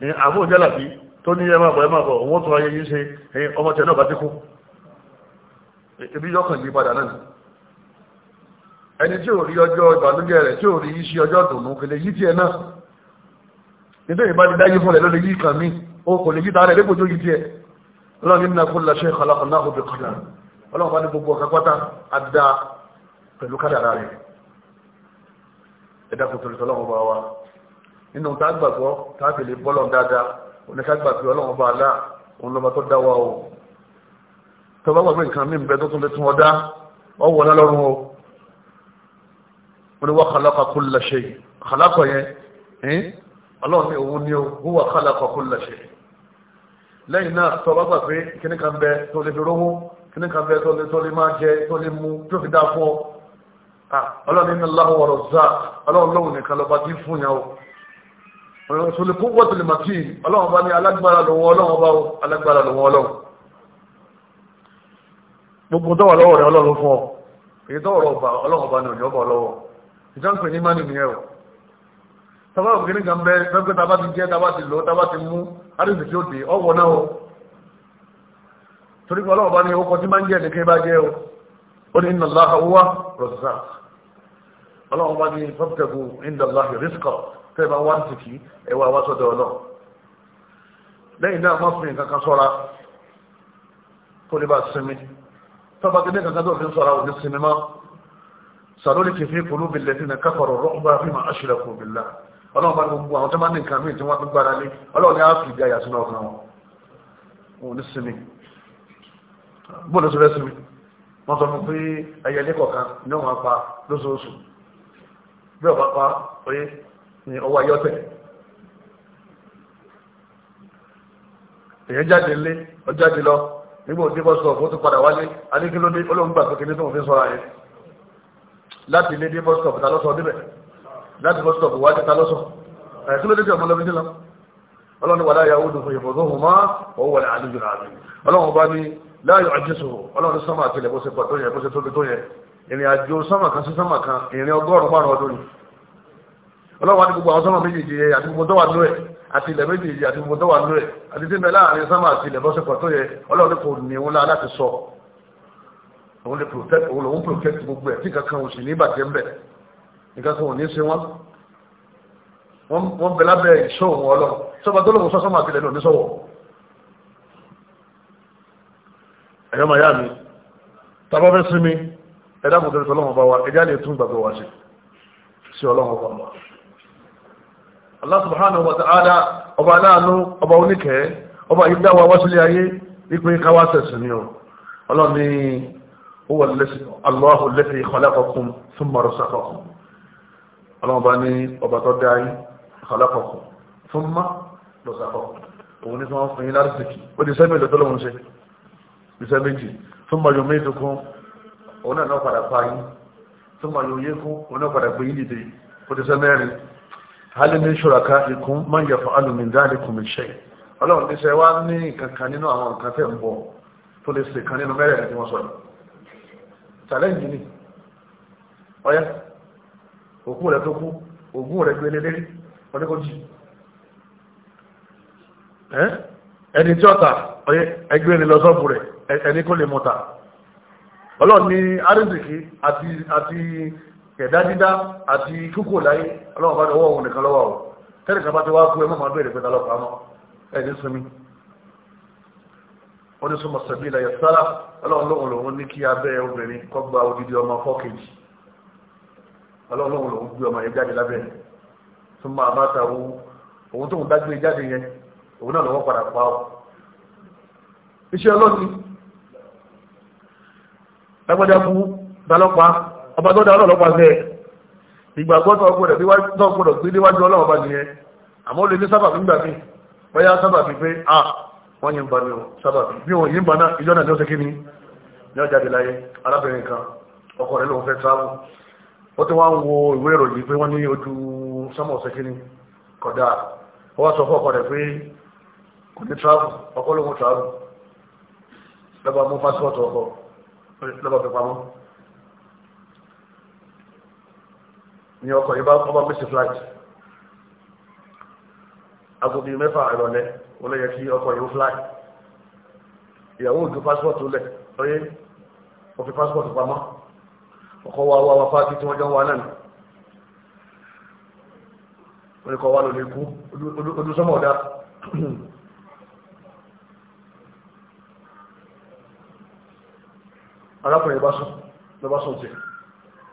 A: ní àbó jálàbí tó ní ẹ máa bọ̀ ẹ máa bọ̀ òun tún ayé yìí ṣe ọmọ tẹ̀ náà bá ti kú ebi yọkàn yí padà náà ẹni tí ò rí ọjọ́ ìbànújẹ́ rẹ̀ tí ò rí iṣẹ́ ọjọ́ dùnú kò lè yí tiẹ̀ náà nítorí ìbá ti dáyé fún rẹ̀ ló lè yí kàn mí ó kò lè yí tààrẹ̀ lépò tó yí tiẹ̀ ọlọ́run nínú akó lọ́ṣẹ́ ìkọlọ́kọ̀ọ́láhùn nínú tá gbàgbọ́ tá fi lè bọ́lọ̀ dáadáa oníkàgbà pé ọlọ́run bá aláà òun lọ́ba tó dá wa o tọba gbàgbé nǹkan mí bẹ tó tún lè tún ọdá ọwọ́ ọ̀nà lọ́rùn o wọ́n ni wọ́n khalaqa kulla shay khalaqa yẹn ọlọ́run ní òun ní o huwa khalaqa kulla shay lẹ́yìn náà tọba gbàgbé kíní kan bẹ tó lè dúró mú kíní kan bẹ tó lè tó lè máa jẹ tó lè mú tó fi dá fún ọlọ́run ní ṣòlùkú wọ́tìlì màkì ọlọ́run bá ní alágbára lòun ọlọ́run bá alágbára lòun ọlọ́run gbogbo tó wà lọ́wọ́ rẹ̀ ọlọ́run fún ọ èyí tó wọ̀rọ̀ ọba ọlọ́run bá ní òní ọba ọlọ́wọ́ ìjọ́npẹ̀ ní mánì nìyẹn o tọ́ba òkè ní gàmbẹ́ pẹ́pẹ́ tá a bá ti jẹ́ tá a bá ti lò tá a bá ti mú àdìsí tí ó dé ọwọ́ náà o torí pé ọlọ́run bá ní tẹ́ẹ̀bá wá nìtìkì ẹwà wá sọ́dọ̀ ọlọ́ lẹ́yìn náà má fi nǹkan kan sọ́ra kó lè bá sinmi tọ́ba kí ní kankan tó fi ń sọ́ra òní sinmi mọ́ sàlórí kì fi kùlú bìlẹ̀ fi nà káfọ̀rọ̀ rọ́ọ̀bà fi mà ashraku billah ọlọ́run bá gbogbo àwọn tó máa ní nǹkan míì tí wọ́n tún gbára lé ọlọ́run ní á fi ìdí àyà sínú wọn òní sinmi bóòlù tó fẹ́ sinmi wọ́n sọ fún pé ẹyẹ ilé kọ̀ọ̀kan ní òun apá lóṣooṣù bí ọ̀pá pa oyé ní ọwọ́ ayọ́tẹ̀ èyàn jáde lé ọjáde lọ nígbà òdí bọ́ sọ fún tó padà wálé alékílódé olóhùn gbà sókè ní tóun fi sọ́ra yẹn láti ilé dé bọ́sítọ̀ fún talọ́sọ̀ débẹ̀ láti bọ́sítọ̀ fún wájú talọ́sọ̀ ẹ̀kílódé tí ọmọ lọ́bí dé lọ ọlọ́run dùn fún ìfọ̀dọ́ hùn ọwọ́ ọlọ́run bá ní ọlọ́run ọlọ́wọ́ àti gbogbo àwọn sọ́mọ méjèèjì yẹ àti gbogbo tó wà lóẹ̀ àti ilẹ̀ méjèèjì àti gbogbo tó wà lóẹ̀ àti tí ń bẹ láàrin sọ́mọ àti ilẹ̀ bọ́sẹ̀pọ̀ tó yẹ ọlọ́run kò ní òun lára láti sọ òun lè protect òun lòun protect gbogbo ẹ̀ tí kankan ò sì ní bàjẹ́ ń bẹ̀ nǹkan kan ò ní ṣe wọ́n wọ́n bẹ lábẹ́ ìṣọ́ òun ọlọ́ sọ́mọ tó lòun sọ́mọ àti ilẹ̀ lòun ní sọ́wọ́ ẹ̀yọ́ màyá mi tàbá fẹ́ sinmi ẹ̀dá kò tẹ̀lé sọ́lọ́wọ́n bá wa ẹ̀dá lè tún gbàgbọ́ wa sí sí ọlọ́wọ́n Allah subhanahu wa ta'ala ọba aláàánú ọba oníkẹ́ ọba ìdáwà wáṣílẹ̀ ayé wípé káwà sẹ̀sìn ni ọ ọlọ́ni Allahu allazi khalaqakum thumma rasaqakum ọlọ́ọ̀bá ní ọba tó dá yín khalaqakum thumma rasaqakum òun ní fún wọn fún yín lárìsìkì ó di sẹ́mi ìlú tọ́lọ́hún ṣe di òun náà náà hali ní ṣùràká ikún máa ń yàfọ́ alùmíńdáàlìkùn mi ṣe ọlọ́run ní sẹ wá ní kankan nínú àwọn nǹkan tẹ́ ń bọ̀ tó lè ṣe kan nínú mẹ́rẹ̀ẹ́rẹ́ tí wọ́n sọ̀rọ̀ challenge ni ọ̀yá òkú rẹ̀ tó kú ògùn rẹ̀ gbélé lérí ọdẹ́kọ́jì ẹni tí ọ̀tà ẹgbẹ́ ni lọ rẹ̀ ẹni kó lè mọ̀ta ọlọ́run ní àrísìkí àti ẹ̀dá dídá àti kókò láyé ọlọ́wọ́ bá dọwọ́ òun nìkan lọ́wọ́ o tẹ́lẹ̀ kan bá ti wá kú ẹ mọ́mọ́ bẹ̀rẹ̀ pẹ̀lú ọlọ́pàá mọ́ ẹ̀dí sunmi wọ́n ní súnmọ́ sàbí ilẹ̀ yẹ̀sára ọlọ́run lóhun lòun ní kí abẹ́ obìnrin kọ́ gba odidi ọmọ fọ́kèjì ọlọ́run lóhun lòun gbé ọmọ yẹn jáde lábẹ́ rẹ̀ tún máa bá ta owó òun tóun dágbé jáde yẹn òun náà lọ́wọ́ padà pa ọ́ iṣẹ́ ọlọ́run lágbájá kú dálọ́pàá ọba tó dá ọlọ́run pa bẹ́ẹ̀ ìgbàgbọ́ tó gbọ́dọ̀ tó gbọ́dọ̀ gbé níwájú ọlọ́run bá nìyẹn àmọ́ ó lè ní sábàbí gbà a wọ́n o sábàbí bí wọ́n yìí ń ba náà ìjọ náà ni ó ṣe kí ni ní ọjà dé láyé arábìnrin kan ọkọ rẹ̀ lòun fẹ́ travel ó ti wá ń wo ìwé ìròyìn pé wọ́n ní ojú sọ́mọ̀ ọ̀sẹ̀ kí ni kódà ó wá sọ fún ọkọ rẹ̀ pé kò ní travel ọkọ lòun travel lọ́ba mú pásítọ̀tù ọkọ lọ́ba fi ní ọkọ̀ yìí bá gbèsè flight agobi mẹ́fà ìrọ̀lẹ́ wọ́n lè yẹ kí ọkọ̀ yìí ó fly ìyàwó òjò passport lẹ̀ lọ́yẹ́ ó fi passport pamọ́ ọkọ̀ wa wá wá fáàkì tí wọ́n jọ ń wá náà wọ́n lè kọ́ wa lòlẹ̀ kú ojúsọ́mọ̀ ọ̀dá arákùnrin bá sùn lọ́bá sùn jẹ́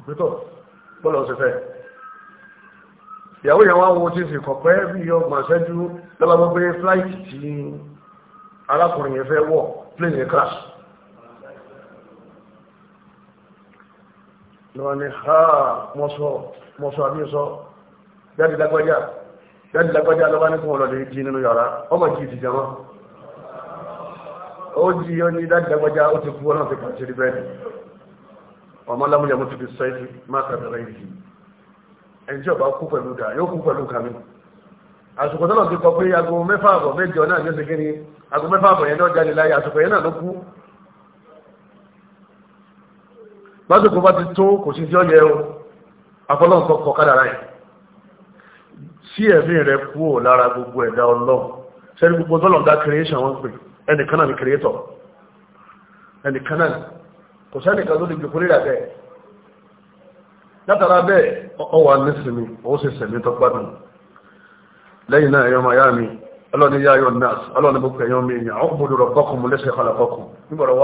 A: ìpẹ́tọ̀ bọ́ọ̀lù ọ̀sẹ̀ fẹ́ẹ́ ìyàwó yẹn wá wo ti sì kọ̀pẹ́ bí ọgbọ̀n ṣẹ́jú lọ́lọ́gbọ́ pé flight tí alákùnrin yẹn fẹ́ wọ̀ plane yẹn crash lọ́wọ́ ni ha mọ́sọ́ mọ́sọ́ àbí sọ jáde lágbájá jáde lágbájá lọ́wọ́ ní kún ọlọ́dẹ jí nínú yàrá ọmọ jí ti jẹun ó jí ó ní jáde lágbájá ó ti kú ọlọ́run ti pàṣẹ rí bẹ́ẹ̀ ọmọ lámúyàmú ti fi sọ ẹni tí ọba kú pẹ̀lú dà yóò kú pẹ̀lú kàmí àsùkò tọ́lọ̀ ti kọ pé aago mẹ́fà àbọ̀ mẹ́jọ náà ní oṣù kínní aago mẹ́fà àbọ̀ yẹn náà jáde láyé àsùkò yẹn náà ló kú lásìkò bá ti tó kò sí tí ó yẹ o afọlọ́nkọ kọ kádàrá yẹn sí ẹ̀mí rẹ kú ò lára gbogbo ẹ̀dá ọlọ́run sẹ́ni gbogbo tọ́lọ̀ ń dá creation wọn pè ẹnìkan náà ni creator ẹnìkan náà kò sẹ́nìkan ló lè gbèkúrè rà bẹ́ẹ̀ látara bẹ́ẹ̀ ọwà nísìmí ó sì sẹ̀mí tó gbádùn lẹ́yìn náà ẹ̀yọ́ máa yá mi ọlọ́ni yá yọ nas ọlọ́ni bó kẹ̀yọ́ mi èèyàn àwọn òbòdó rọ̀ kọ́kùn mú lẹ́sẹ̀ kọlà kọ́kùn nígbọ̀rọ̀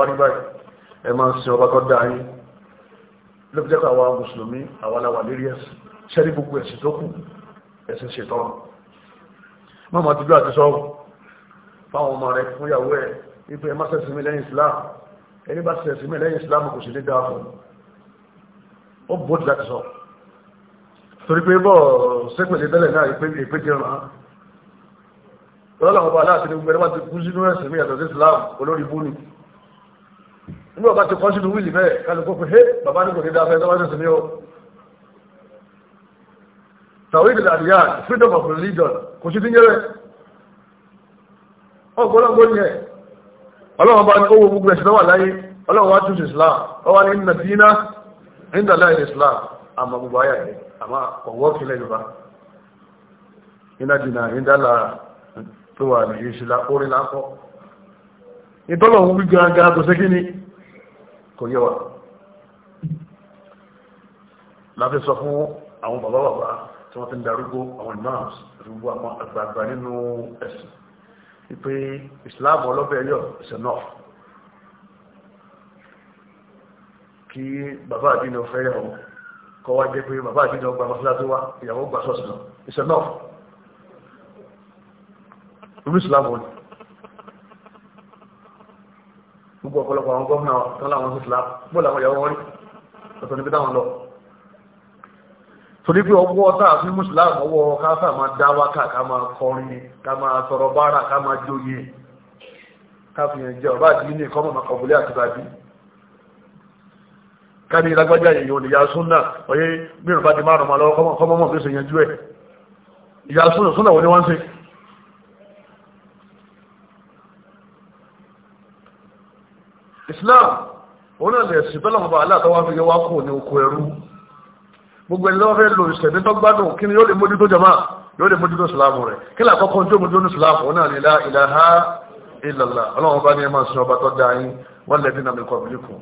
A: wá lẹ́yìn Islam ẹni bá sẹ́sìn lẹ́yìn Islam kò sì ní dáa fún ó bòdì láti sọ torí pé bọ́ sẹ́pẹ̀lẹ̀ tẹ́lẹ̀ náà ìpé ti ràn án lọ́la ọba aláàtí ni gbogbo ẹni wọ́n ti kú sínú ẹ̀sìn mi yàtọ̀ sí Islam olórí bóni nígbà bá ti kọ́ sínú wíìlì bẹ́ẹ̀ kálukú pé hé bàbá ní kò ní dáfẹ́ tọ́wọ́ sẹ̀sìn mi ó tàwí ìdílé àdìyà freedom of religion kò sí ti ń yẹrẹ ọgbọ́lọ́gbọ́ ni ẹ̀ ọlọ́wọ́ bá ní owó gbogbo ẹ̀sìn náà wà láyé ọlọ́wọ́ wá tún sí Islam ọwọ́ ní nàdínà nígbà láì ní islam àmọ́ gbogbo ayà yìí àmọ́ ọ̀wọ́ kílẹ̀ yorùbá iná jìnnà ìdálà tó wà ní ìṣìlá orí láńkọ́ ìtọ́lọ̀ ń wí gangan tó sé kí ni kò yẹ wa láti sọ fún àwọn bàbá bàbá tí wọ́n ti ń darúgbó àwọn imams rúgbó àwọn àgbààgbà nínú ẹ̀sìn wípé islam ọlọ́bẹ̀ yọ ìṣẹ̀ náà kí bàbá àdínà fẹ́ yàwó kọ́ wá jẹ́ pé bàbá àdínà gba mọ́sálásí wá ìyàwó gba sọ́ọ̀sì lọ ìṣẹ́ náà irú ìsìlámù ni gbogbo ọ̀pọ̀lọpọ̀ àwọn gómìnà tán láwọn sí ìsìlámù bó làwọn ìyàwó wọn rí ọ̀tọ̀ níbi táwọn lọ torí pé ọwọ́ ọ̀tá àfi mùsùlùmí ọwọ́ káfà máa dá wákà ká máa kọrin ká máa sọ̀rọ̀ bára ká máa jóye káfíyàn jẹ́ ọ̀bá àdínì kọ́mọ̀ màkàbùlé àti bàbí kábí lágbájá èèyàn ò ní ya súnà oyé mìíràn bá ti máa rọmọ lọ́wọ́ kọ́mọ́mọ́ fi ṣe yanjú ẹ̀ ìyá súnà súnà wọ́n ni wọ́n ń ṣe Islam òun náà lè ṣìbẹ́ lọ́wọ́ bá aláàtọ́wà fi yẹ wá kò ní oko gbogbo ẹni lọ́wọ́ fẹ́ lo ìṣẹ̀mí tó gbádùn kí ni yóò lè mójútó jama yóò lè mójútó ìsìláàmù rẹ̀ kí ni àkọ́kọ́ tó mójútó Islam òun náà ní ilá ìlàhá ìlàlá ọlọ́run bá ní ẹ máa sin ọba tó dáa yín wọ́n lẹ́bí nàmíkọ̀ bìlíkùn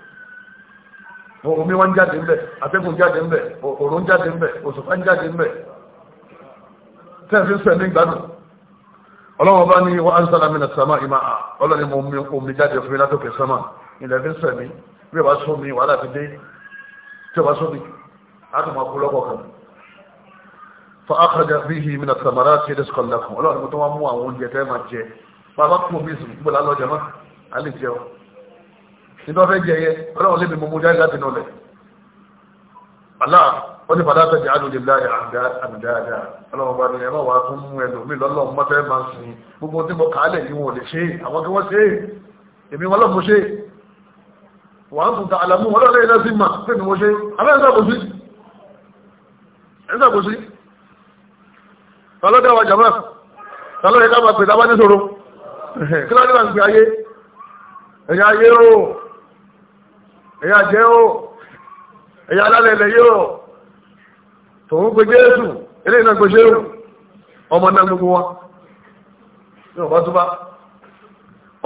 A: omi wọn jáde ń bẹ̀ atẹ́gùn jáde ń bẹ̀ òòrùn jáde ń bẹ̀ òṣùpá jáde ń bẹ̀ tẹ́ẹ̀fín sẹ́ni gbádùn ọlọ́wọ́ bá ní wọ́n ánsá lámìnà sàmà ìmá à ọlọ́ni mo mi omi jáde fún mi látòkè sàmà ilẹ̀ fi ń sẹ̀mí bí o bá sún mi wàhálà ti dé tí o bá sún máa kú lọ́kọ̀ kan fa akadà bí hi mìnà sàmàrà ti dé sọ̀kọ̀lá kan mo tó wá mú àwọn oúnjẹ tẹ́ nítorí fẹ́ jẹ yẹ ọlọ́run lébi mo mú jáde láti nù lẹ̀ àlá ó ní padà tẹ̀jẹ̀ àdùn ìlà àmìdáadá ọlọ́run bá nìyẹn máa wà tún mú ẹlòmíì lọ́lọ́run mọ́tẹ́ máa ń sin gbogbo tí mo kàálẹ̀ yìí wọn ò lè ṣe àwọn kí wọ́n ṣe èmi wọn lọ́mọ ṣe wà ń tuntun àlàmú wọn lọ́lẹ́ iná sí mà pé mi mo ṣe abẹ́ ìṣàkóso ìṣàkóso tọ́lọ́dẹ́ wa jàmọ́ tọ́lọ́dẹ́ ká máa pè tá a bá ẹ̀yà jẹ́ ó ẹ̀yà alálẹ̀lẹ̀ yóò tòun pé jésù ilé iná pé ṣéwù ọmọ náà gbogbo wa yóò bá túbá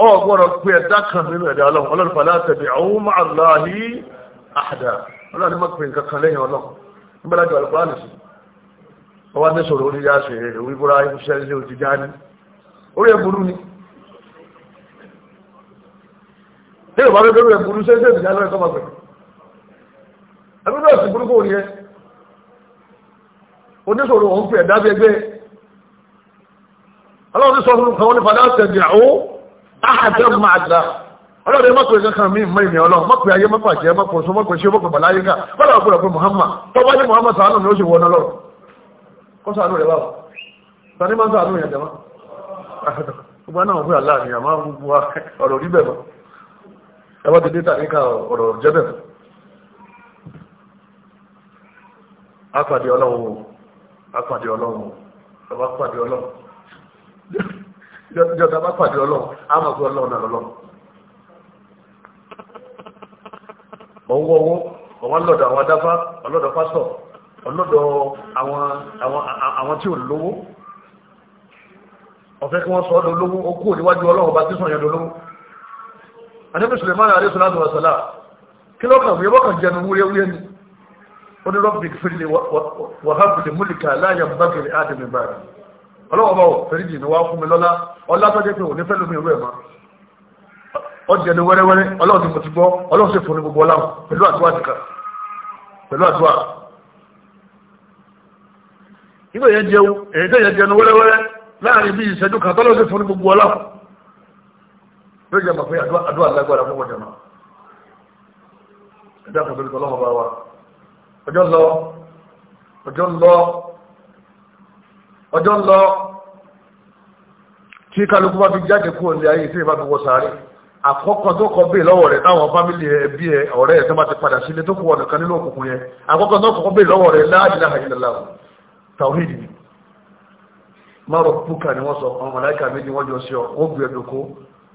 A: ọ gbọ́dọ̀ pé ẹ̀dá kan nínú ẹ̀dá ọlọ́run ọlọ́run fàlẹ́ àtẹ̀bẹ̀ àwọn máa láàyè àdá ọlọ́run má pè nǹkan lẹ́yìn ọlọ́run nígbà lájọ àlùkò àlùsì ọwọ́ adé sọ̀rọ̀ orí yá ṣe ìfúnṣẹ́ ilé òjijá ní orí ẹ̀ ṣé ìwà ló dórí rẹ̀ burú ṣé ṣé ìdíjà lọ́rẹ̀ kọ́mọ̀ pẹ̀lú ẹgbẹ́ náà sì burúkú òní ẹ oníṣòro òun fi ẹ̀dá gbẹgbẹ́ ọlọ́run ní sọ fún kan wọn ní padà tẹ̀dí àwọ̀ áhàjẹ́ máa dà ọlọ́run mọ́pù ẹ̀kẹ́ kan mí mọ́ ìmì ọlọ́run mọ́pù ayé mọ́pù àjẹ́ mọ́pù ọ̀ṣọ́ mọ́pù ṣe mọ́pù bàláyé ká bọ́lá ọ̀pọ̀lọ̀ náà wọ́n fún àlá àníyàn gbogbo ọ̀rọ̀ rí bẹ́ẹ̀ ẹwọ́n ti dítà níka ọ̀rọ̀ jẹ́bẹ̀ apàdé ọlọ́run apàdé ọlọ́run ọba pàdé ọlọ́run jọta bá pàdé ọlọ́run amọ̀gbé ọlọ́run náà lọ́lọ́run ọwọ́ owó ọwọ́ lọ́dọ̀ àwọn adáfá ọlọ́dọ̀ pásọ̀ ọlọ́dọ̀ àwọn tí ò lówó ọ̀fẹ́ kí wọ́n sọ ọ́ dolówó ó kúrò níwájú ọlọ́run ọba tí sọ̀yàn dolówó ànábì Suleiman alayhi salatu wa salam kí ló kàn fún yẹ́bọ́ kan jẹnu wúyẹ́wúyẹ́ ni ó ní rọ́bì fìrìlì wàhábùlì múlìkà láyà bákìrì ádìmì báyìí ọlọ́wọ́ bá wọ̀ fìrìlì ni wá fún mi lọ́lá ọlá tó jẹ́ pé òní fẹ́lú mi ìwé ẹ̀ma ọjẹni wẹ́rẹ́wẹ́rẹ́ ọlọ́run ti mo ti gbọ́ ọlọ́run sì fún ní gbogbo ọláhùn pẹ̀lú àdúrà ti kà pẹ̀lú àdúrà nígbà yẹn jẹun èyí tẹ̀yẹ jẹun wẹ́rẹ́wẹ́rẹ́ láàrin bí ìṣẹ́jú kan tọ́lọ́run sì fún gbogbo ọláhùn ló jẹ́ mọ̀ pé àdúrà lágbára fún ọjọ́ náà ẹ̀dá kò torí tọ́lọ́mọ bá wa ọjọ́ ń lọ ọjọ́ ń lọ ọjọ́ ń lọ kí kálukú bá fi jáde kúrò ní ayé tí ìbá fi wọ sàárè àkọ́kọ́ tó kọ bí lọ́wọ́ rẹ̀ táwọn fámílì ẹbí ẹ ọ̀rẹ́ ẹ̀ tó bá ti padà sílé tó kù ọ̀nà kan nínú púkà ni wọ́n sọ ọmọ màláìkà méjì wọ́n jọ sí ọ wọ́n gbìyànjú kó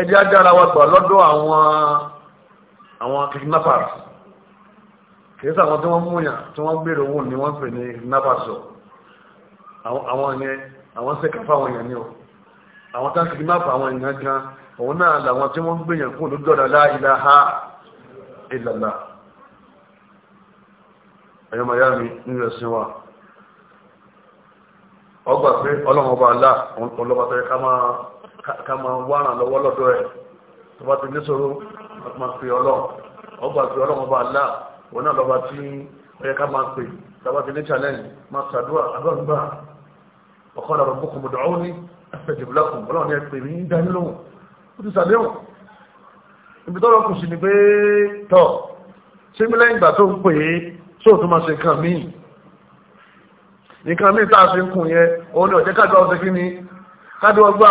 A: ẹjẹ́ ajára wa gbà lọ́dọ̀ àwọn àwọn kidnappers kìí sàwọn tí wọ́n múyàn tí wọ́n gbèrò owó ni wọ́n pè ní kidnappers o àwọn yẹn àwọn sẹ́kà fáwọn èèyàn ni o àwọn tá kidnap àwọn èèyàn gan òun náà làwọn tí wọ́n gbèyàn kún ló dọ̀dà la ilaha illallah ẹ̀yọ́ mi nínú ẹ̀sìn wa ọgbà pé ọlọ́run ọba àlá ọlọ́ba tẹ́ ká máa ká máa wá ràn lọ́wọ́ lọ́dọ̀ ẹ̀ tó bá ti níṣòro máa pè ọlọ́run ọba pè ọlọ́run ọba àlá òun náà lọ́ba tí ó yẹ ká máa pè tàbá ti ní challenge máa ṣàdúrà àdúrà ọ̀kọ́dà rọ̀bù kò mọ̀dọ̀ ọ́ní ẹ̀fẹ̀jìbìlákùn ọlọ́run ẹ̀ pè mí ń dání lóhùn ó ti sàdéhùn ibi tọ́rọ kù sí ni pé tọ́ ṣé mi lẹ́yìn ìgbà tó ń pè é sóòtú máa ṣe nǹkan míì nǹkan míì tá a fi ń kùn yẹn òun ni ọ̀jẹ́ kájọ ọ̀sẹ̀ kí ni kájọ ọgbà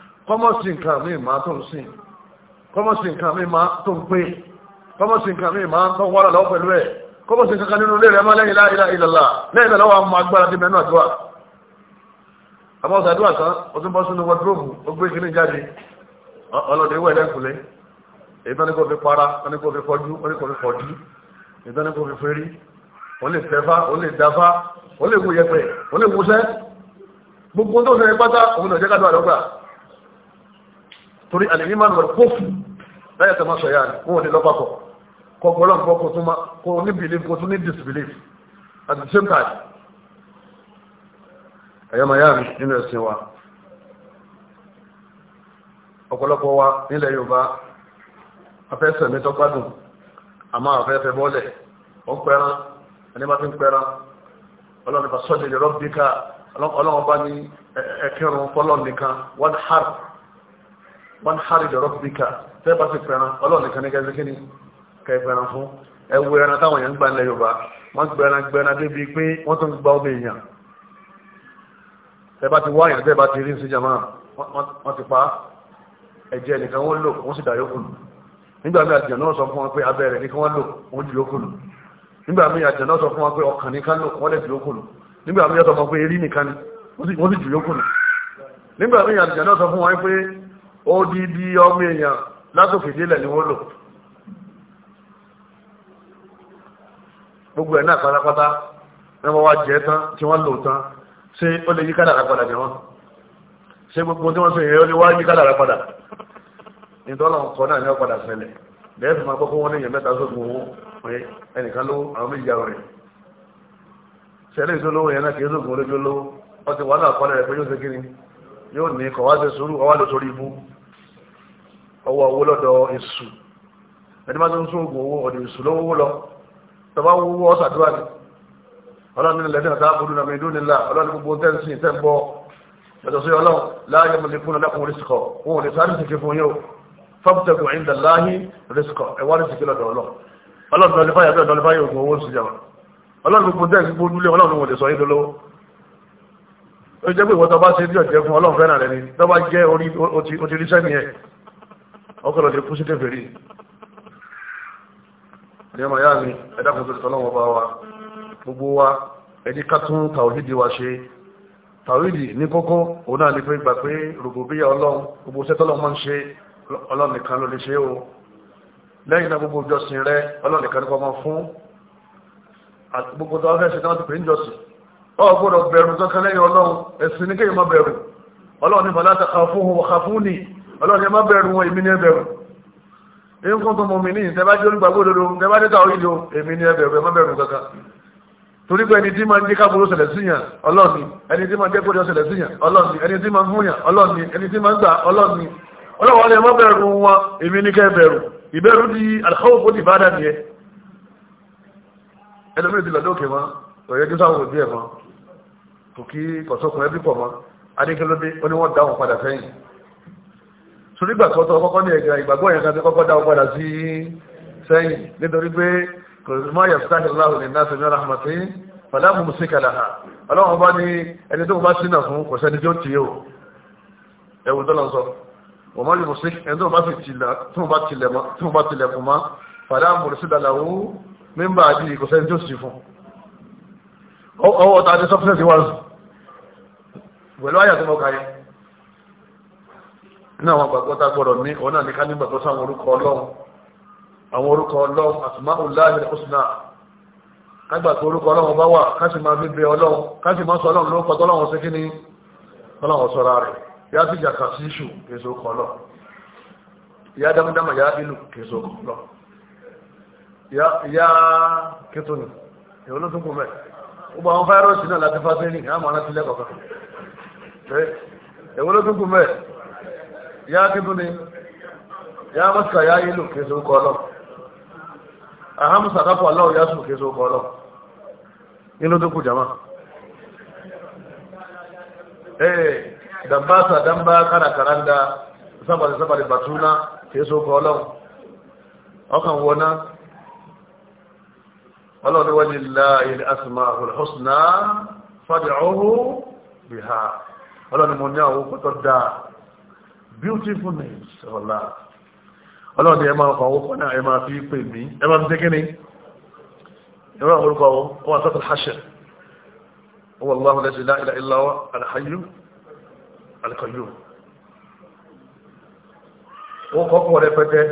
A: kọ́mọ̀sì nǹkan mi máa tó ń sìn kọ́mọ̀sì nǹkan mi máa tó ń pè kọ́mọ̀sì nǹkan mi máa tó wọ́n lọ́wọ́ pẹ̀lú ẹ̀ kọ́mọ̀sì nǹkan nínú ilé rẹ̀ máa lẹ́yìn láì láì lọ́la lẹ́yìn lọ́wọ́ àwọn agbára bí mẹ́nu àdúrà àmọ́ ọ̀sàdúrà tán ó tún bọ́ sínú wọ́dúróòmù ó gbé kíní jáde ọlọ́dẹ wẹ̀ lẹ́kùnlé èyí fi para tán fi fọjú torí alìmímánù rẹ̀ kófù láyé tẹ̀ máa sọ yára wọn ò ní lọ́pàpọ̀ kọ gbọ́dọ̀ nǹkan kó tún kó ní belief kó tún ní disbelief at the same time ẹ̀yọ́ máa yára nínú ẹ̀sìn wa ọ̀pọ̀lọpọ̀ wa nílẹ̀ Yorùbá afẹ́sẹ̀ mi tọ́gbádùn àmọ́ afẹ́fẹ́ bọ́ọ̀lẹ̀ ó pẹ́ran ẹni bá fi ń pẹ́ran ọlọ́run bá sọ́jọ́ ìrọ́bì ká ọlọ́run bá ní ẹ̀kẹ́rùn-ún fọ́lọ́ nìkan one heart wọ́n hàrí lọ́rọ̀ bíkà tẹ́ bá ti pẹ̀ran ọlọ́run nìkan ní kẹfẹ́ kí ni kẹ pẹ̀ran fún ẹwu ẹran táwọn èèyàn ń gba ilẹ̀ yorùbá wọ́n gbẹran gbẹran débi pé wọ́n tún gba ọbẹ̀ èèyàn tẹ́ bá ti wá èèyàn tẹ́ bá ti rí sí jama wọ́n ti pa ẹ̀jẹ̀ nìkan wọ́n lò wọ́n sì dà yókù nígbà míì àjẹ̀ náà sọ fún wọn pé abẹ́rẹ́ nìkan wọ́n lò wọ́n di yókù nígbà míì àjẹ̀ náà sọ fún wọn pé ọkàn nìkan lò wọ́n lẹ̀ di yókù nígbà míì àjẹ̀ náà sọ fún wọn pé erí nìkan wọ́n sì ju yókù nígbà míì àjẹ̀ náà sọ fún wọn pé odidi ọmọ èèyàn látòkèdélẹ̀ ni wọ́n lò gbogbo ẹ̀ náà pátápátá wọ́n wá jẹ́ tán tí wọ́n lò tán ṣé ó lè yí kádàrà padà ní wọn ṣé gbogbo tí wọ́n ṣe yẹn ó lè wá yí kádàrà padà nítorí àwọn kan náà ní ọ̀padà ṣẹlẹ̀ lẹ́yìn máa kọ́kọ́ wọn léèyàn mẹ́ta sógun owó pé ẹnìkan ló àwọn méjì yàrá rẹ̀ ṣẹlẹ̀ ìdólówó yẹn náà kì í sógun olójó lówó wọ́n ti wà náà kọ́lẹ̀ rẹ̀ pé yóò ṣe kíni yóò ní kọ̀wá ṣe sùúrù ọwá lè sórí ibú ọwọ́ owó lọ́dọ̀ èṣù ẹni máa ń sún oògùn owó ọ̀dọ̀ èṣù lọ́wọ́ lọ tọba wọ́wọ́ ọ̀sàdúrà ni ọlọ́run nílẹ̀ náà dáàbò dúnà mi dún nílà ọlọ́run gbogbo tẹ́ǹsì tẹ́ ń bọ́ yàtọ̀ sí ọlọ́run láàyè mo lè fún ọlọ́kùn rísíkọ̀ wọn ò lè sáré sìkì fún yóò fọ́pútẹ́kù ìndà láàyè rísíkọ̀ ẹ̀wọ́n rísíkì ó jẹ́ pé ìwọ́n tọba ṣe bí ọ̀jẹ̀ fún ọlọ́run fẹ́ràn rẹ̀ ni tọba jẹ́ orí ó ti ríṣẹ́ nìyẹn ọkọ̀ lọ́dẹ kú sí kẹfẹ́rí ní ọmọ yáà ni ẹ̀dá kan tó ti tọ́lọ́wọ́ bá wa gbogbo wa ẹni ká tún wa ṣe tàwídìí ní kókó òun náà ni pé gbà pé rògbòbíyà ọlọ́run gbogbo sẹ́tọ́lọ́ máa ń ṣe ọlọ́run nìkan ló lè ṣe o lẹ́yìn náà gbogbo ìjọsìn rẹ ọlọ́run nìkan nípa máa fún gbogbo tó fẹ́ ṣe náà ti pè ń jọsìn ọ gbọ́dọ̀ bẹ̀rù kankan ọlọ́run ẹ má bẹ̀rù wọn èmi ní ẹ bẹ̀rù èyí ń kún tó mọ mi ní ìtẹ́bá jẹ́ olùgbàgbọ́ òdodo ìtẹ́bá dé káwọ́ ìlú èmi ní ẹ bẹ̀rù ẹ má bẹ̀rù kankan torí pé ẹni tí máa ń jẹ́ káàbùrú ṣẹlẹ̀ síyàn ọlọ́ọ̀ni ẹni tí máa ń jẹ́ kódé ṣẹlẹ̀ síyàn ọlọ́ọ̀ni ẹni tí máa ń fúnyàn ọlọ́ọ̀ni ẹni tí máa ń gbà ọlọ́ọ̀ni ọlọ́wọ́ ni ẹ má bẹ̀rù wọn èmi ní kẹ́ bẹ̀rù ìbẹ̀rù di àlùkọ́wò kó ti bá dà nìyẹn ẹlòmíràn ti lọ lókè mọ́ torí gbà tọ́tọ́ kọ́kọ́ ní ẹ̀gbà ìgbàgbọ́ yẹn kan tí kọ́kọ́ dá padà sí sẹ́yìn nítorí pé kò sí máa yẹ̀fẹ́ sáàkì láhùn ní náà sẹ́mi ọ̀rọ̀ àmọ̀tí fàdámù mú sí kàlàhà ọlọ́run bá ní ẹni tó bá sínà fún kò sẹ́ni tó tì ó ẹ̀wù tó lọ sọ wọ́n máa yẹ mú sí ẹni tó bá fi tilẹ̀ fún ma fàdámù sí dàlàwù mímbà àti kò sẹ́ni tó sì fún ọwọ́ ta ni sọ́fíṣẹ́ ti wá pẹ̀lú àyà tó mọ́ kàyẹ́ nínú àwọn àgbàgbọ́ tá a gbọ́dọ̀ ní òun náà ní ká nígbàgbọ́ sí àwọn orúkọ ọlọ́run àwọn orúkọ ọlọ́run asma'ullahi al-husna kágbà tó orúkọ ọlọ́run bá wà ká sì máa bíbẹ ọlọ́run ká sì máa sọ ọlọ́run lórúkọ tọ́lọ́run sí kíní tọ́lọ́run sọ́ra rẹ̀ yá sí jàkà sí iṣu kèso kọ lọ ìyá dámúdámà yá ìlú kèso kọ lọ ìyá kẹtọ́nì èwo ló tún kú gbogbo àwọn fáírọ́ọ̀sì ya kíndún ni ya mọ́síkà ya yílò kí so kọ́ lọ ahamusa kápọ̀ aláwọ̀ ya sùn kí so kọ́ lọ inú tó kù jama ee eh, dambasa damba kára karanda sábàdì sábàdì batuna kí so kọ́ lọ ọkàn wọná ọlọ́run wọ́n lílá ilẹ̀ asìmá olùhọ́sùnà fàdíọ̀hù bìhá ọlọ́run mo ní àwọn òkú dáa beautiful names ọ̀la Allah. ni ẹ máa kọ orúkọ náà ẹ ma fi pè mí ẹ ma fi dé kíni ẹ ko ko wa ọwọ́ hashr huwa Allah la ilaha illa ilá al hayy al qayyum o kọ́ kọ́ rẹpẹtẹ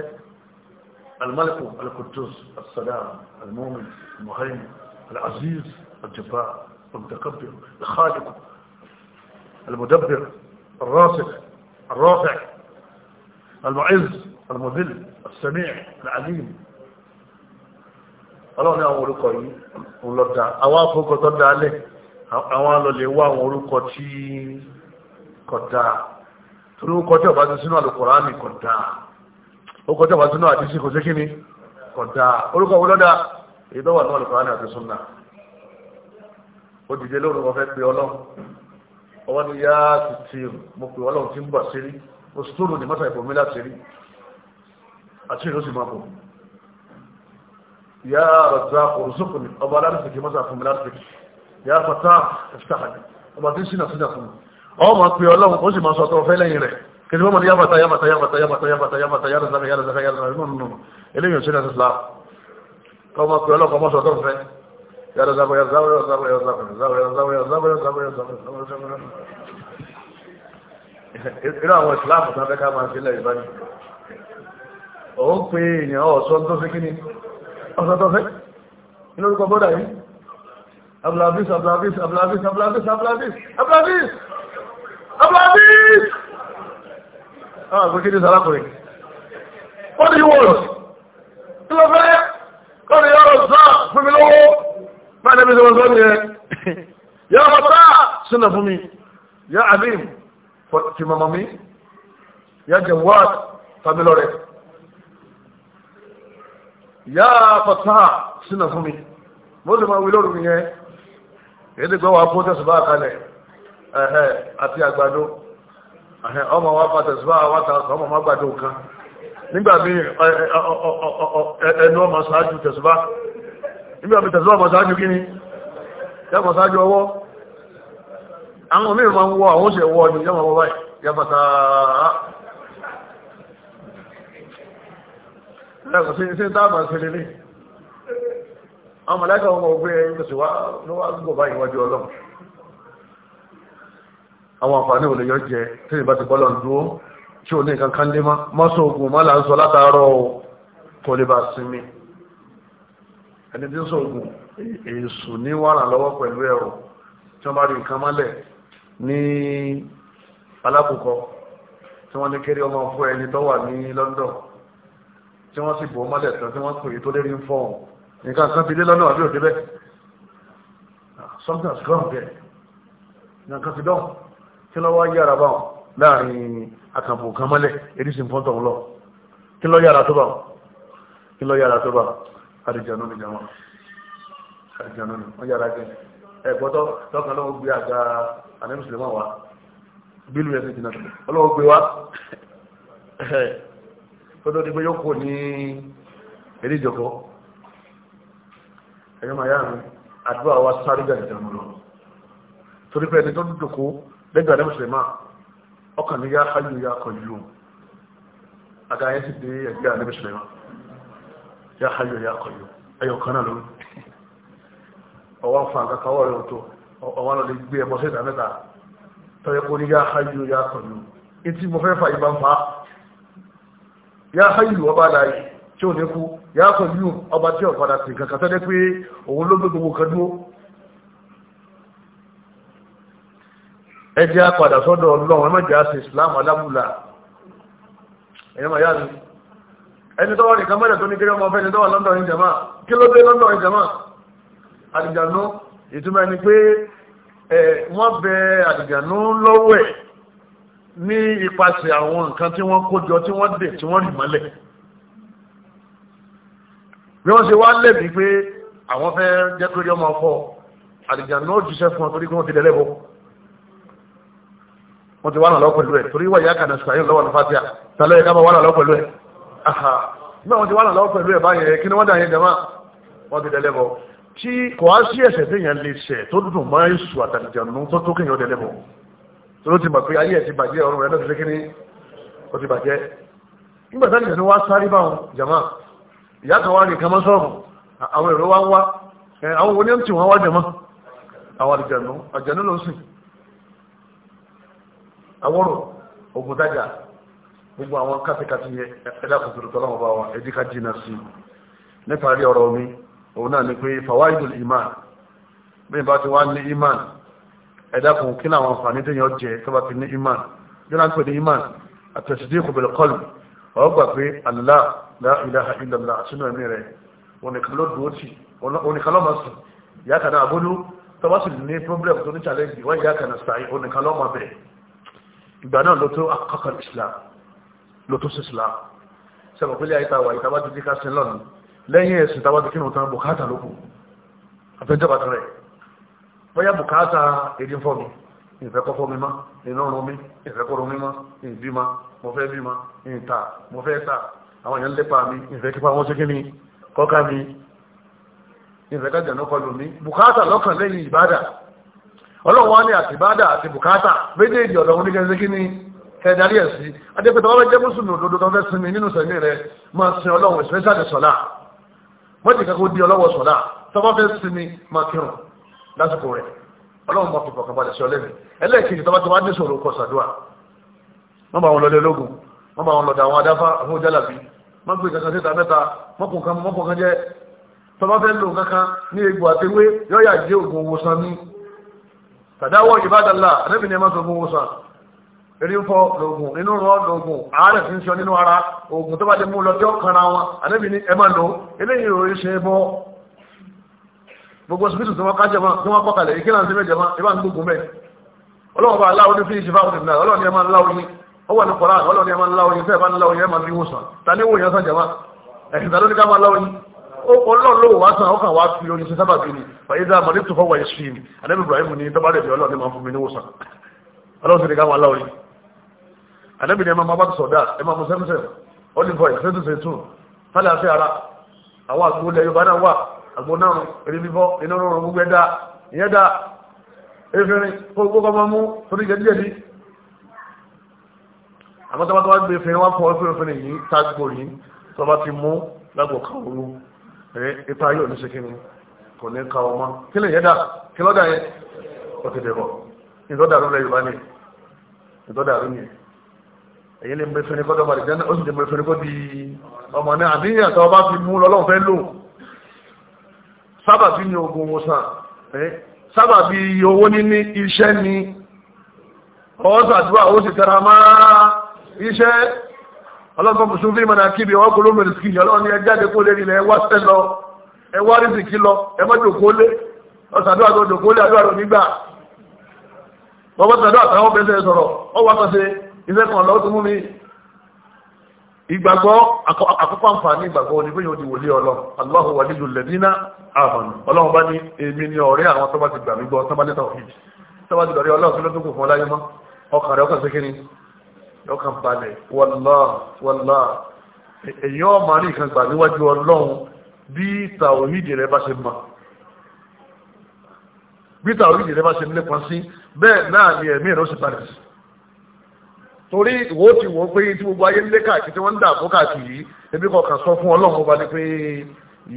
A: al aziz al jabbar al mutakabbir al khaliq al mudabbir الراسخ الرافع المعز المذل السميع العليم ọlọ́run àwọn orúkọ yìí ń lọ dáa àwọn afọ́kọ tó dáa lẹ̀ àwọn alọ́lẹ̀ wá àwọn orúkọ tí kò dáa torí ó kọjá ọba sínú àlùkùránì kò dáa ó kọjá ọba sínú àdísì kò sí kíni kò dáa orúkọ wo lọ́dà èyí tó wà ní àlùkùránì àti súnà ó dìde lóru fẹ́ pe ọlọ́run ọwọ́ ni yá kìtìrù mo pè wọ́n lọ́wọ́ tí ń bà sí rí mo sùtúrù ní mọ́sà ìbòmí láti rí àti ìlú sì máa bò yá rọ̀dá òrùsùkù ni ọba aláàrẹ̀sì kì mọ́sà fún mi láti rí yá fata ìfitahàdì ọba tí ń sínà sínà fún mi ọ ma pè ọlọ́run ó sì máa sọ ọtọ́ fẹ́ lẹ́yìn rẹ̀ kí ni wọ́n mọ̀ ní yábàtà yábàtà yábàtà yábàtà yábàtà yábàtà yábàtà yábàtà yábàtà yábàtà yábàtà يا رزاق يا رزاق يا رزاق يا رزاق يا رزاق يا رزاق يا رزاق يا رزاق يا رزاق inú àwọn ìsìláàmù tó fẹ́ ká máa sílẹ̀ ìbáni òun pé èèyàn ọ̀sọ́ tó fẹ́ kí ni ọ̀sọ́ tó fẹ́ inú orúkọ bọ́dà yìí abúlábís abúlábís abúlábís abúlábís abúlábís abúlábís abúlábís àwọn àgbékí ní sàrákùnrin wọ́n ti wọ́n lọ sí lọ́fẹ́ kọ́ni yọ̀rọ̀ sá fún mi lọ́wọ́ bá nẹ́bí sọ sọ ní ẹ yọ bàbá sínú fún mi yọ abim ti mọ̀mọ́ mi yọ jẹ̀wọ́ tàbí lọ rẹ̀ yọ bàbá sínú fún mi mo sì máa wí lóru mi yẹn èyí ti gbọ́ wà fún tẹ̀sùbá kalẹ̀ àti àgbàdo ọmọ wa fa tẹ̀sùbá wa ta ọmọ wa gbàdo kan nígbà míì ẹnu ọmọ ṣáájú tẹ̀sùbá níbi àmì tẹ̀síwá bọ̀ sáájú kí ni yàbọ̀ sáájú ọwọ́ àwọn mí ma ń wọ àwọn oṣù ẹ̀wọ́ ọdún yàbọ̀ báyìí yàbọ̀ sáà lẹ́kọ̀ọ́ sí sí táàbà sí lélẹ̀ àwọn mọ̀lẹ́kọ̀ọ́ ọmọ ògbé ìgbésíwá ló wá ha ha sinmi ẹni tí ń sọ̀gùn èsù ní wàrà lọ́wọ́ pẹ̀lú ẹ̀rọ tí wọ́n bá rí nǹkan mọ́lẹ̀ ní alákòókò tí wọ́n ní kéré ọmọ fún ẹni tó wà ní London tí wọ́n sì bò mọ́lẹ̀ tán tí wọ́n pè é tó lérí ń fọ́ọ̀n nǹkan kan fi lé lọ́nà àbí òde bẹ́ẹ̀ ah, something has gone there nǹkan ti dán kí lọ́wọ́ yára bá wọn láàrin àkànfò kan mọ́lẹ̀ èdè sì ń fọ́ntọ̀ wọn lọ kí lọ́ yára tó bá wọn kí lọ́ yára tó bá wọn àdìjọ́nù ni jọmọ́ àdìjọ́nù ni wọ́n yára gẹ̀ ẹ̀gbọ́tọ́ lọ́kàn lọ́wọ́ gbé àga anẹ́mùsùlùmọ́ wa bílù ẹ̀sìn jìnnà ọlọ́wọ́ gbé wa tọ́jọ́ ti gbé yóò kò ní eré ìjọkọ́ ẹ̀yọ́ màá yára mi àdúrà wa sáré gàdì jọmọ́ lọ torí pé ẹni tó ń dòkó lẹ́gbẹ̀ẹ́ anẹ́mùsùlùmọ́ ọkàn ní yá ayù yá kọjú àga yẹn ti dé ẹgbẹ́ anẹ́mùsùlùmọ́ ya hayo ya kọ̀yọ̀ ẹyọ kan náà lórí ọwọ́ fa nǹkan kan wọ́ọ̀rẹ́ òtó ọwọ́ lọ lè gbé ẹbọ sí ìdá mẹ́ta tọ́yẹ kó ní ya hayo ya kọ̀yọ̀ etí mo fẹ́ fa ìbá ń fa ya hayo ọba láyé tí ò ní kú ya kọ̀yọ̀ ọba tí ọ̀padà sí nǹkan kan pé òun ló gbé gbogbo kan dúró ẹ jẹ́ àpàdà sọ́dọ̀ ọlọ́run ẹ má jẹ́ àṣẹ ìsìlámù alábùlà ẹ̀yẹ́ yára ẹni tọ́wọ́ nìkan mẹ́rẹ̀ tó ní kéré ọmọ ọ̀fẹ́ ni tọ́wọ́ London ìjẹ̀má kí ló dé London ìjẹ̀má àdìjànú ìtumọ̀ ni pé wọ́n bẹ àdìjànú lọ́wọ́ ẹ̀ ní ipasẹ̀ àwọn nǹkan tí wọ́n kójọ tí wọ́n dè tí wọ́n rì mọ́lẹ̀ bí wọ́n ṣe wá lẹ́bi pé àwọn fẹ́ jẹ́ kéré ọmọ ọkọ àdìjànú ó jíṣẹ́ fún ọ torí wọ́n ti dẹ́lẹ́bọ wọ́n ti wá nà lọ́ pẹ̀lú ẹ̀ torí wọ́n ìyá kàdà sàyẹn lọ́wọ́ bí àwọn ti wà lọ́wọ́ pẹ̀lú ẹ̀bá yẹn kí ni wọ́n jama wọ́n ti dẹ́lẹ́bọ̀ tí kò á sí ẹ̀sẹ̀ tí èèyàn lè ṣẹ̀ tó dùn mọ́ èṣù àtàlìjànú tó tó kéèyàn dẹ́lẹ́bọ̀ tó ti mọ̀ pé ayé ẹ̀ ti bàjẹ́ ọ̀run rẹ̀ lọ́sẹ̀ kí ni ó ti bàjẹ́ nígbà tá nìyẹn wá sáré báwọn jama ìyá kan wá ní kan mọ́ sọ́ọ̀mù àwọn èrò wá ń wá àwọn jama àwọn àlìjànú àjànú ló ń sìn àwọn ògùn tájà gbogbo àwọn kásíkásí ẹ̀dàkùn tó tọ́lọ́wọ́ bá wa ẹ̀díkà jìnà sí nípa rí ọ̀rọ̀ mi òun náà ni pé fawaidul iman bí bá ti wá ní iman ẹ̀dàkùn kí náà wọn fàní tó yàn jẹ tó bá ti ní iman jọ́nà ń pè ní iman àtẹ̀sídíkù bil qalbi ọ̀rọ̀ pé Allah la ilaha problem tó ní challenge wọ́n ìyá kan náà sàì oníkàlọ́ máa bẹ̀ ìgbà náà ló tó akọ́kọ́ Islam lótó sí islam sẹ́wọ̀n pẹ́lẹ́ ayé tàwa yìí tábàtì díkà sí lọ́nà lẹ́yìn ẹ̀sìn tábàtì kírun tán bùkátà ló kù àfẹ́jọba tán rẹ̀ bóyá bùkátà èdè fọ́ mi ìfẹ́ kọ́ fọ́ mi má iná rún mi ìfẹ́ kọ́ rún mi má ìbí ma mo fẹ́ bí ma ìta mo fẹ́ ta àwọn èèyàn lépa mi kẹ̀dárí ẹ̀ sí adépẹ́tọ́ wọ́n jẹ́ mùsùlùmí òdodo tó fẹ́ sinmi nínú sẹ̀mí rẹ̀ máa sin ọlọ́run ìsẹ́sàdì sọ̀lá mọ́jì kankan di ọlọ́wọ́ sọ̀lá tó bá fẹ́ sinmi máa kírun lásìkò rẹ̀ ọlọ́run máa fi fọkàn balẹ̀ sí ọlẹ́mi ẹlẹ́ẹ̀kejì tó bá ti wá ní sọ̀rọ̀ kọ sàdúà wọ́n bá wọn lọlé ológun wọ́n bá wọn lọ̀dà àwọn adáfá àwọn jálàbí wọ́n gbé kankan síta mẹ́ta mọ́kùn kan jẹ́ tó bá fẹ́ lò kankan ní egbò àtewé yọ́yà jẹ́ ògùn òwòsàn ní tàdáwọ̀ ìbádàlá àdébìnrin ẹ̀ má sọ ògùn òwòsàn erífọ́ lògùn inú rọ́ lògùn ààrẹ fi ń sọ nínú ara oògùn tó bá lè mú lọ́jọ́ kanra wọn àdébì ní ẹ máa lò eléyìí ò ṣe bọ́ gbogbo síbítù tí wọ́n ká jẹ́ tí wọ́n kọ́kàlẹ̀ ìkí náà ń síbẹ̀ jẹ́mọ́ ìbá ń gbógun bẹ́ẹ̀ ọlọ́wọ́ bá aláwọ̀ ní fíìsì fáwọn ìdìbò náà ọlọ́ọ̀ni ẹ máa ń láwọ̀ yín ó wà ní kọ́ra ọlọ́ọ̀ni ẹ máa ń láwọ̀ yín fẹ́ẹ̀ bá ń láwọ̀ yín ẹ máa ń rí wòsàn ta ní wòyàn sàn jẹ́mọ́ ẹ̀sìn tàbí ká máa láwọ̀ yín ọlọ́ọ̀lọ́ ọkàn wà fi oyin sábà bí ni fàyídà mọ̀lẹ́tò fọwọ́ ẹ̀ṣin àdébìbrahim ní tọ́bárẹ̀ bí ọlọ́ọ̀ni máa fún mi ní wòsàn ọlọ́ọ̀sìn ká máa láwọ̀ yín ànábì ni ẹ máa máa bá ti sọ̀dá ẹ máa mú sẹ́mùsẹ̀m olive oil fẹ́tù fẹ́tù fálẹ̀ àti ara àwọn àgbo ilẹ̀ yorùbá náà wà àgbo náà eré bíbọ́ iná rọrùn gbogbo ẹ̀dá ìyẹn dá efirin gbogbo kọ́ máa mú torí jẹ́díjẹ́dí àmọ́ tó bá tó wá gbé efirin wá fọ efirin efirin yìí tágbò yìí tó bá ti mú lágbo kàwòrú ẹ ipa yóò ní sekiri kò ní ka ọmọ kí lè yẹ dá kí lọ́dà yẹ ọ̀tẹ̀dẹ̀ bọ̀ ìtọ́dà rú lẹ yorùbá ni ìtọ́dà rú yẹn èyí lè mẹ́fẹ́ ní kọ́dọ̀ bàdìjẹ́ náà ó sì lè mẹ́fẹ́ ní di ọmọ náà àníyàn tó bá fi mú lọ́lọ́run fẹ́ lò sábà bí ní ogun wòsàn sábà bí owó níní iṣẹ́ ni ọ́sàdúwà ó sì tẹ́ra máa iṣẹ́ ọlọ́pàá mùsùn fíìmọ̀ náà kíbi ọkọ̀ lómìnir sí ọlọ́run ní ẹjáde kó lè nílẹ̀ ẹwà tẹ́ lọ ẹwà rìsì kí lọ ẹmọ́jòkólé ọ̀sàdúwà tó jòkólé àdúrà lọ nígbà ọwọ́ sàdúwà táwọn bẹ́sẹ̀ sọ̀rọ̀ ọwọ́ sọ́sẹ́ iṣẹ́ kan lọ́wọ́ tó mú mi ìgbàgbọ́ àkọ́kọ́ àǹfààní ìgbàgbọ́ ni bóyá odi wòlé ọlọ Allahu waliyul ladina amanu ọlọ́run bá ní èmi ni ọ̀rẹ́ àwọn tó bá ti gbà mí gbọ́ tó bá ní tawhid tó bá ti dọ̀rẹ́ ọlọ́run tó lọ́dún kò fún ọláyé mọ́ ọkàn rẹ̀ ọkàn sékéré ọkàn balẹ̀ wallahi wallahi èyàn ọmọ rí nǹkan gbà níwájú ọlọ́run bí tawhid rẹ̀ bá ṣe mọ́ bí tawhid rẹ̀ bá ṣe lépa sí bẹ́ẹ̀ náà ni ẹ̀mí rẹ̀ ó sì balẹ̀ sí torí ìwọ ti wọ́n pé tí gbogbo ayé lé káàkiri tí wọ́n ń dà fún káàkiri ebi kọ̀ọ̀kan sọ fún ọlọ́run ọba ni pé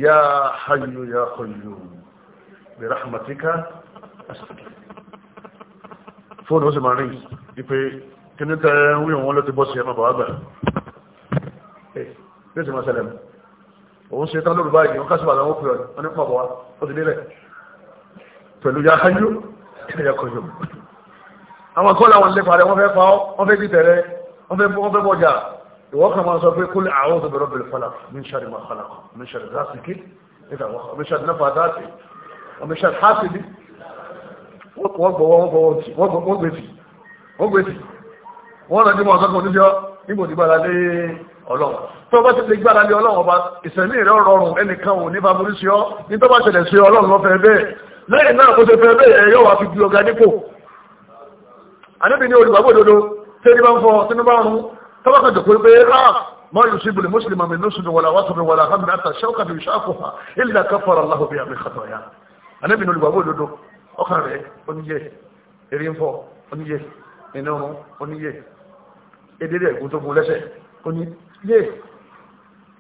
A: ya hayyu ya qayyum bi rahmatika fóònù ó sì máa rìn ipe kíní tẹ wí òun ló ti bọ́ sí ẹmọ bàbá gbà eh, bí ó sì máa ṣẹlẹ̀ mọ́ òun ṣe tán lórí báyìí wọn kásìbà lọ́wọ́ pè ọ́ ní pọ̀ wá ó ti délẹ̀ pẹ̀lú ya hayyu ya qayyum àwọn kọ́lá wọn lè parẹ́ wọ́n fẹ́ pa ọ́ wọ́n fẹ́ dìtẹ̀rẹ́ wọ́n fẹ́ bọ́jà ìwọ́ kan máa sọ pé kúlẹ̀ àwọn òṣèbẹ̀rẹ̀ bẹ̀rẹ̀ fọlá míṣàrí máa fọlá míṣàrí dáṣìkì míṣàrí náà fàdáṣì míṣàrí hásìlì wọ́n gbọ́wọ́ wọ́n gbọ́wọ́ tì wọ́n gbé tì wọ́n gbé tì wọ́n rẹ̀ ní mọ̀ sọ́kùn oníṣẹ́ nígbò tí gbára lé ọlọ́run tó bá ti lè gbára lé ọlọ́run ọba ìsẹ̀mí rẹ̀ rọrùn ẹnìkan ò ní bá burú sí ọ ní tó bá ṣẹlẹ̀ sí ọlọ́run lọ́fẹ̀ẹ́ bẹ́ẹ̀ lẹ́yìn náà kó ṣe fẹ́ bẹ́ẹ̀ ẹ̀yọ́ wà fi di ọ̀gá nípò anábì ní olùgbàgbọ́dodo tí ẹni bá ń fọ sínú bá rún tọ́wọ́ kan jòkó pé rà máa yóò síbùlì mùsùlùmí àmì lóṣù wàlà wàtò mi wàlà hàmì àtà ṣẹ́wọ́kà bí ṣáàkùfà ilẹ̀ kẹfàrà aláhùn bí àmì kàtọ̀ ya anábì ní olùgbàgbọ́dodo ọkàn rẹ̀ oníyẹ eré ń fọ oníyẹ iná rún oníyẹ edé rẹ̀ kó tó lẹ́sẹ̀ oníyẹ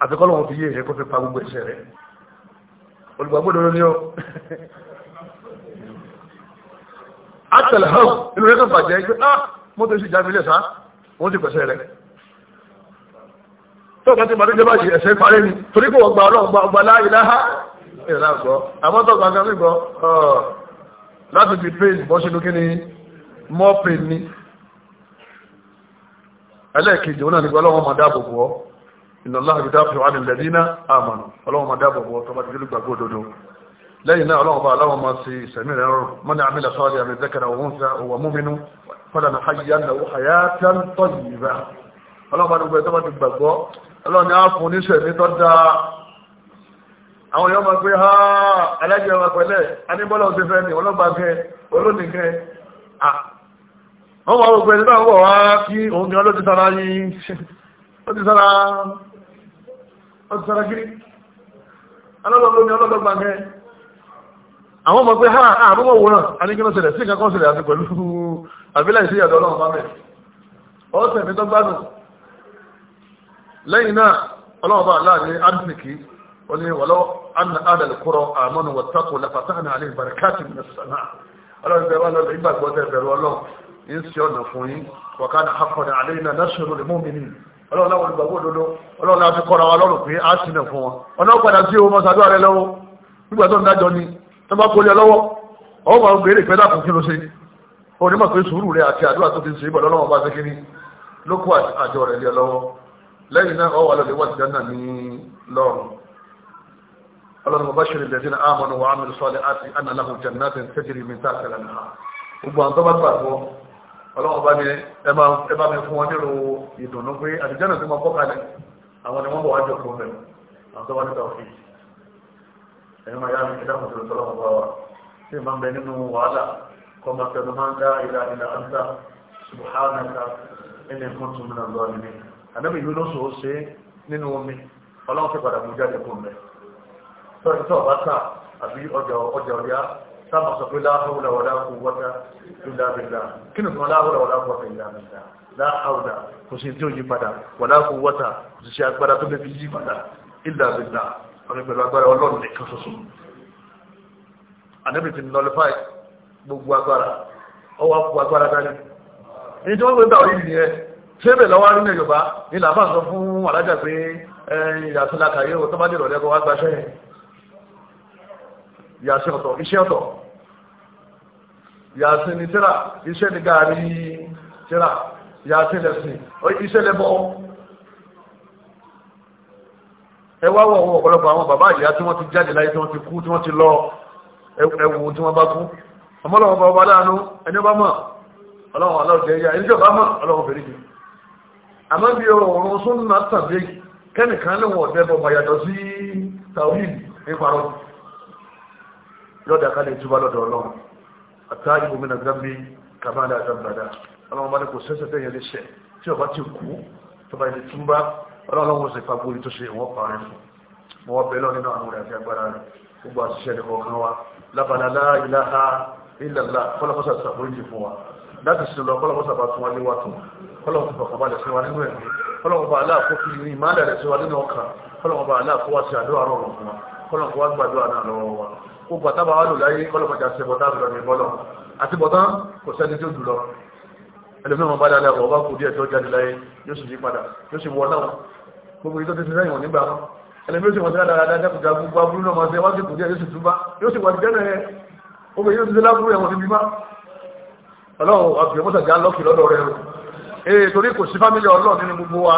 A: àfikọ́lọ́wọ́n fi yé rẹ̀ fi pa gbogbo ẹ̀ṣẹ̀ rẹ̀ olùgbàgbọ́dodo ni ó àtẹ̀lẹ̀ hàn inú rẹ̀ kàn bàjẹ́ pé ah mọ́tò sì jáde ilé sá wọ́n ti pẹ̀sẹ̀ rẹ̀ tó kàn ti bàdó jẹ́ bàjẹ́ ẹ̀sẹ̀ parí ni torí kò wọ́n gba ọlọ́run gba ọgbà láàyè láhá àmọ́ tó gbàgbà mí gbọ́ láti fi pain bọ́ sínú kí ni more pain ni ẹlẹ́ẹ̀kejì lẹ́yìn náà ọlọ́run bá aláwọ̀ máa ṣe ìsẹ̀mí rẹ̀ rọrùn mọ́ ní àmìlẹ̀ sọ́ọ́lì àmì ìdẹ́kẹ̀rẹ̀ òun ń sa òwò múminú fọ́dà ní hayá na ó hayá tí ń tọ́ yìí rà ọlọ́run bá dùgbẹ́ tó bá ti gbàgbọ́ ọlọ́run ni a fún ní sẹ̀mí tó da àwọn èèyàn máa pé ha alájẹ wa pẹ̀lẹ́ aníbọ́lá ti fẹ́ ni ọlọ́gbà kẹ olónìkẹ wọ́n máa gbogbo ẹni náà wọ̀ wá kí òun ni ọlọ́ti sára yín ó ti sára ó ti sára kiri ọlọ́gbà ló ni ọlọ́gbà kẹ àwọn ọmọ pé ha àbúkọ̀ wòrán anígbẹ́nà ṣẹlẹ̀ sí ìkankan ṣẹlẹ̀ àti pẹ̀lú àbílẹ̀ ìṣe ìyàdọ̀ ọlọ́run bá mẹ́ ọ́sẹ̀ mi tó gbádùn lẹ́yìn náà ọlọ́run bá láàrin adìsìkì ó ní wọ́lọ́ anna adàlẹ̀ kúrọ̀ àmọ́nu wọ̀tàkù lafatahna alẹ́ ìbàrẹ̀kátì min as ọlọ́run tó bá kólé ọlọ́wọ́ ọwọ́ máa ń béèrè pẹ́ dàpọ̀ kí ló ṣe onímọ̀ pé sùúrù rẹ̀ àti àdúrà tó ti ṣe ìbọn lọ́wọ́ bá ṣe kí ni ló kó àjọ rẹ̀ lé ọlọ́wọ́ lẹ́yìn náà ọwọ́ alọ́lẹ̀ wọ́n ti dáná ní lọ́rùn ọlọ́run bàbá ṣe lè dín àmọ́nù wa àmì sọ́lẹ̀ àti ànàláhùn jannati tẹ́jìrì mi táà tẹ̀lẹ̀ náà gbogbo àwọn tó bá gbàgbọ́ mi fún ẹ̀yìn máa yá mi ẹ̀dá mọ̀ sọ̀rọ̀ sọ́lọ́mọ̀ bá wa tí ìmọ̀ bẹ nínú wàhálà kọ́ máa fẹnu máa ń dá ìlà ìlà àǹtà subhanaka ẹni nǹkan tún mi náà lọ nílé ìlú ló sòó ṣe nínú omi ọlọ́run ti padà mú jáde kó mẹ́ tọ́jú tó ọba tà àbí ọjà ọjà ọ̀yá sábà sọ pé la hawla wala quwwata illa kí ni kan la hawla wala quwwata illa billah kò sí tí ó yí padà wala quwwata kò sì ṣe agbára tó lè fi yí padà illa billah ọ̀rẹ́ pẹ̀lú agbára ọlọ́run nìkan ṣoṣo ànábì ti nọlifáì gbogbo agbára ọwọ́ àpò agbára dání èyí tí wọ́n gbé báwọn yìí nìyẹn ṣé bẹ̀rẹ̀ lọ́wọ́ nínú Yorùbá ní làbá sọ fún alájà pé ìyàsílá kàyé ò tó bá dìrọ̀lẹ́ kó wá gbaṣẹ́ ìyàsí ọ̀tọ̀ iṣẹ́ ọ̀tọ̀ ìyàsí ni tíra iṣẹ́ ni gààrí tíra ìyàsí lẹ̀sìn iṣẹ́ lẹ́bọ̀ọ́ ẹ wá wọ àwọn ọ̀pọ̀lọpọ̀ àwọn bàbá ìyá tí wọ́n ti jáde láyé tí wọ́n ti kú tí wọ́n ti lọ ẹwù tí wọ́n bá kú ọmọlọ́wọ́ bá wà láàánú ẹni bá mọ̀ ọlọ́wọ́ aláwọ̀jẹ́ ìyá ẹni jọba mọ̀ ọlọ́wọ́ fèrè jù àmọ́ bí ọ̀run súnmọ́ tàbí kẹ́nìkan ní wọ́n dẹ́bọ̀ mà yàtọ̀ sí tawhid níparọ́ lọ́dà kalẹ̀ túbọ̀ lọ́dọ̀ ọlọ́run àtà ìbòmínà gbàmí kàmáàlà àgbàdà ọlọ́run bá ní kò sẹ́sẹ̀ tẹ́yẹ lè ṣẹ̀ tí ọba ti kú tọba ìlú túnbá ọlọ́run sì fa gbórí tó ṣe ìwọ́n parí fún mọ́ wọ́n bẹ̀rẹ̀ nínú àwọn ìrìnàjò agbára rẹ̀ gbogbo àṣìṣe ẹni kọ̀ọ̀kan wa lábàlá láìláha ìlàlá kọ́lọ́kọ́sà ṣàforíjì fún wa láti sin lọ kọ́lọ́kọ́sà bá tún wá léwà tó kọ́lọ́kọ́sà bá dáadáa ọba kò díẹ̀ tó jáde láyé yóò sì yí padà yóò sì wọ náà gbogbo ìtọ́ ti ti sẹ́yìn wọn nígbà wọn ẹlẹ́mí ó sì wọ́n ti dára dáadáa jákùjá gbogbo aburú náà máa ṣe wá sí kùjẹ́ yóò sì túbá yóò sì wà ní jẹ́rẹ̀ ẹ̀ ó bẹ̀ yóò ti ṣe láburú ẹ̀wọ̀n níbi má ọlọ́run àbíyẹ̀ mọ́sà já lọ́kì lọ́dọ̀ rẹ̀ ee eh, torí kò sí fámílì ọlọ́run nínú gbogbo wa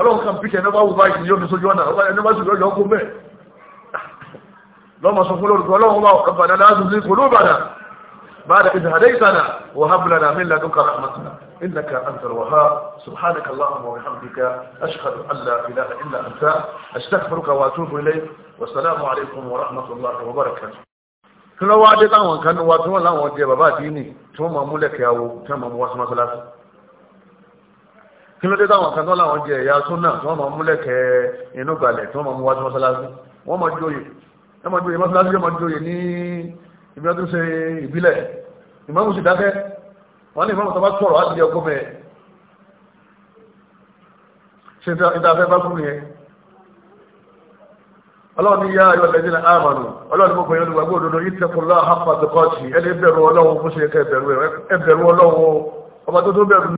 A: ọlọ́run kan píkẹ́ ẹni bá wù báyìí yóò fi sójú ọ̀nà ẹni bá sì lọ́yọ̀ ọkọ̀ bẹ́ẹ̀ lọ́mọ sọ fún lórúkọ ọlọ́run bá ọ̀bàdàn láti sí kò lóòbàdàn بعد إذ هديتنا وهب لنا من لدنك رحمة إنك أنت الوهاب سبحانك اللهم وبحمدك أشهد أن لا إله إلا أنت أستغفرك وأتوب إليك والسلام عليكم ورحمة الله وبركاته kí ló wá dé táwọn kan wá tí wọ́n láwọn jẹ bàbá àdínì tí wọ́n máa mú lẹ́kẹ̀ àwò tí wọ́n máa mú wá sí mọ́sálásí kí ló dé táwọn kan tó láwọn jẹ ẹ̀yà súnà tí wọ́n máa mú lẹ́kẹ̀ inú gbalẹ̀ tí wọ́n máa mú wá sí mọ́sálásí wọ́n máa jóye mọ́sálásí yóò máa ibi wọ́n tún ṣe ìbílẹ̀ ìmáàmù sì dákẹ́ wọ́n ní ìmáàmù tó bá sọ̀rọ̀ láti di ọkọ mẹ́ẹ̀ ṣe ìdáfẹ́ bá fún nìyẹn ọlọ́run ní yá ayọ̀ lẹ́yìn náà àmàlù ọlọ́run mọ̀ pẹ̀lú olùgbàgbọ́ òdodo yìí